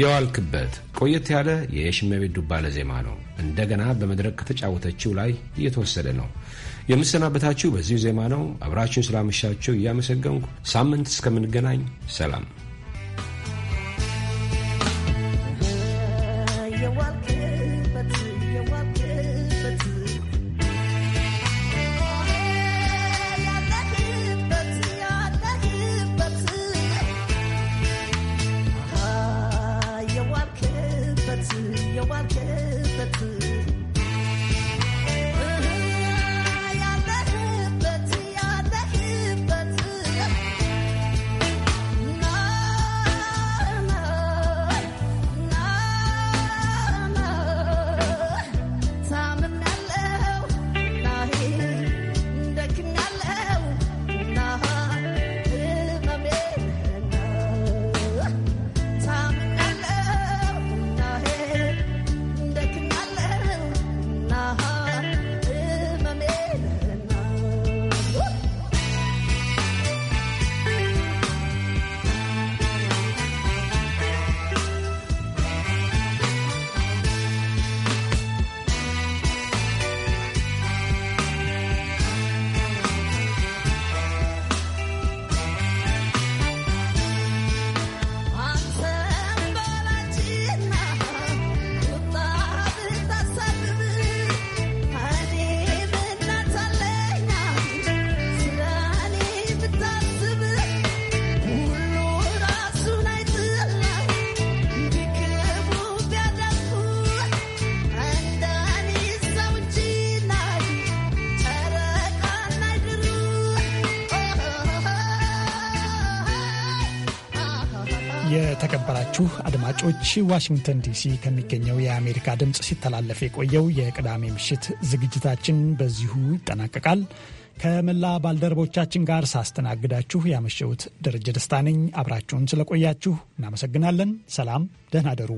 የዋልክበት ቆየት ያለ የየሽመቤት ዱባለ ዜማ ነው። እንደገና በመድረክ ከተጫወተችው ላይ እየተወሰደ ነው። የምሰናበታችሁ በዚሁ ዜማ ነው። አብራችሁን ስላመሻችሁ እያመሰገንኩ ሳምንት እስከምንገናኝ ሰላም። አድማጮች፣ ዋሽንግተን ዲሲ ከሚገኘው የአሜሪካ ድምፅ ሲተላለፍ የቆየው የቅዳሜ ምሽት ዝግጅታችን በዚሁ ይጠናቀቃል። ከመላ ባልደረቦቻችን ጋር ሳስተናግዳችሁ ያመሸሁት ደረጀ ደስታ ነኝ። አብራችሁን ስለቆያችሁ እናመሰግናለን። ሰላም፣ ደህና ደሩ።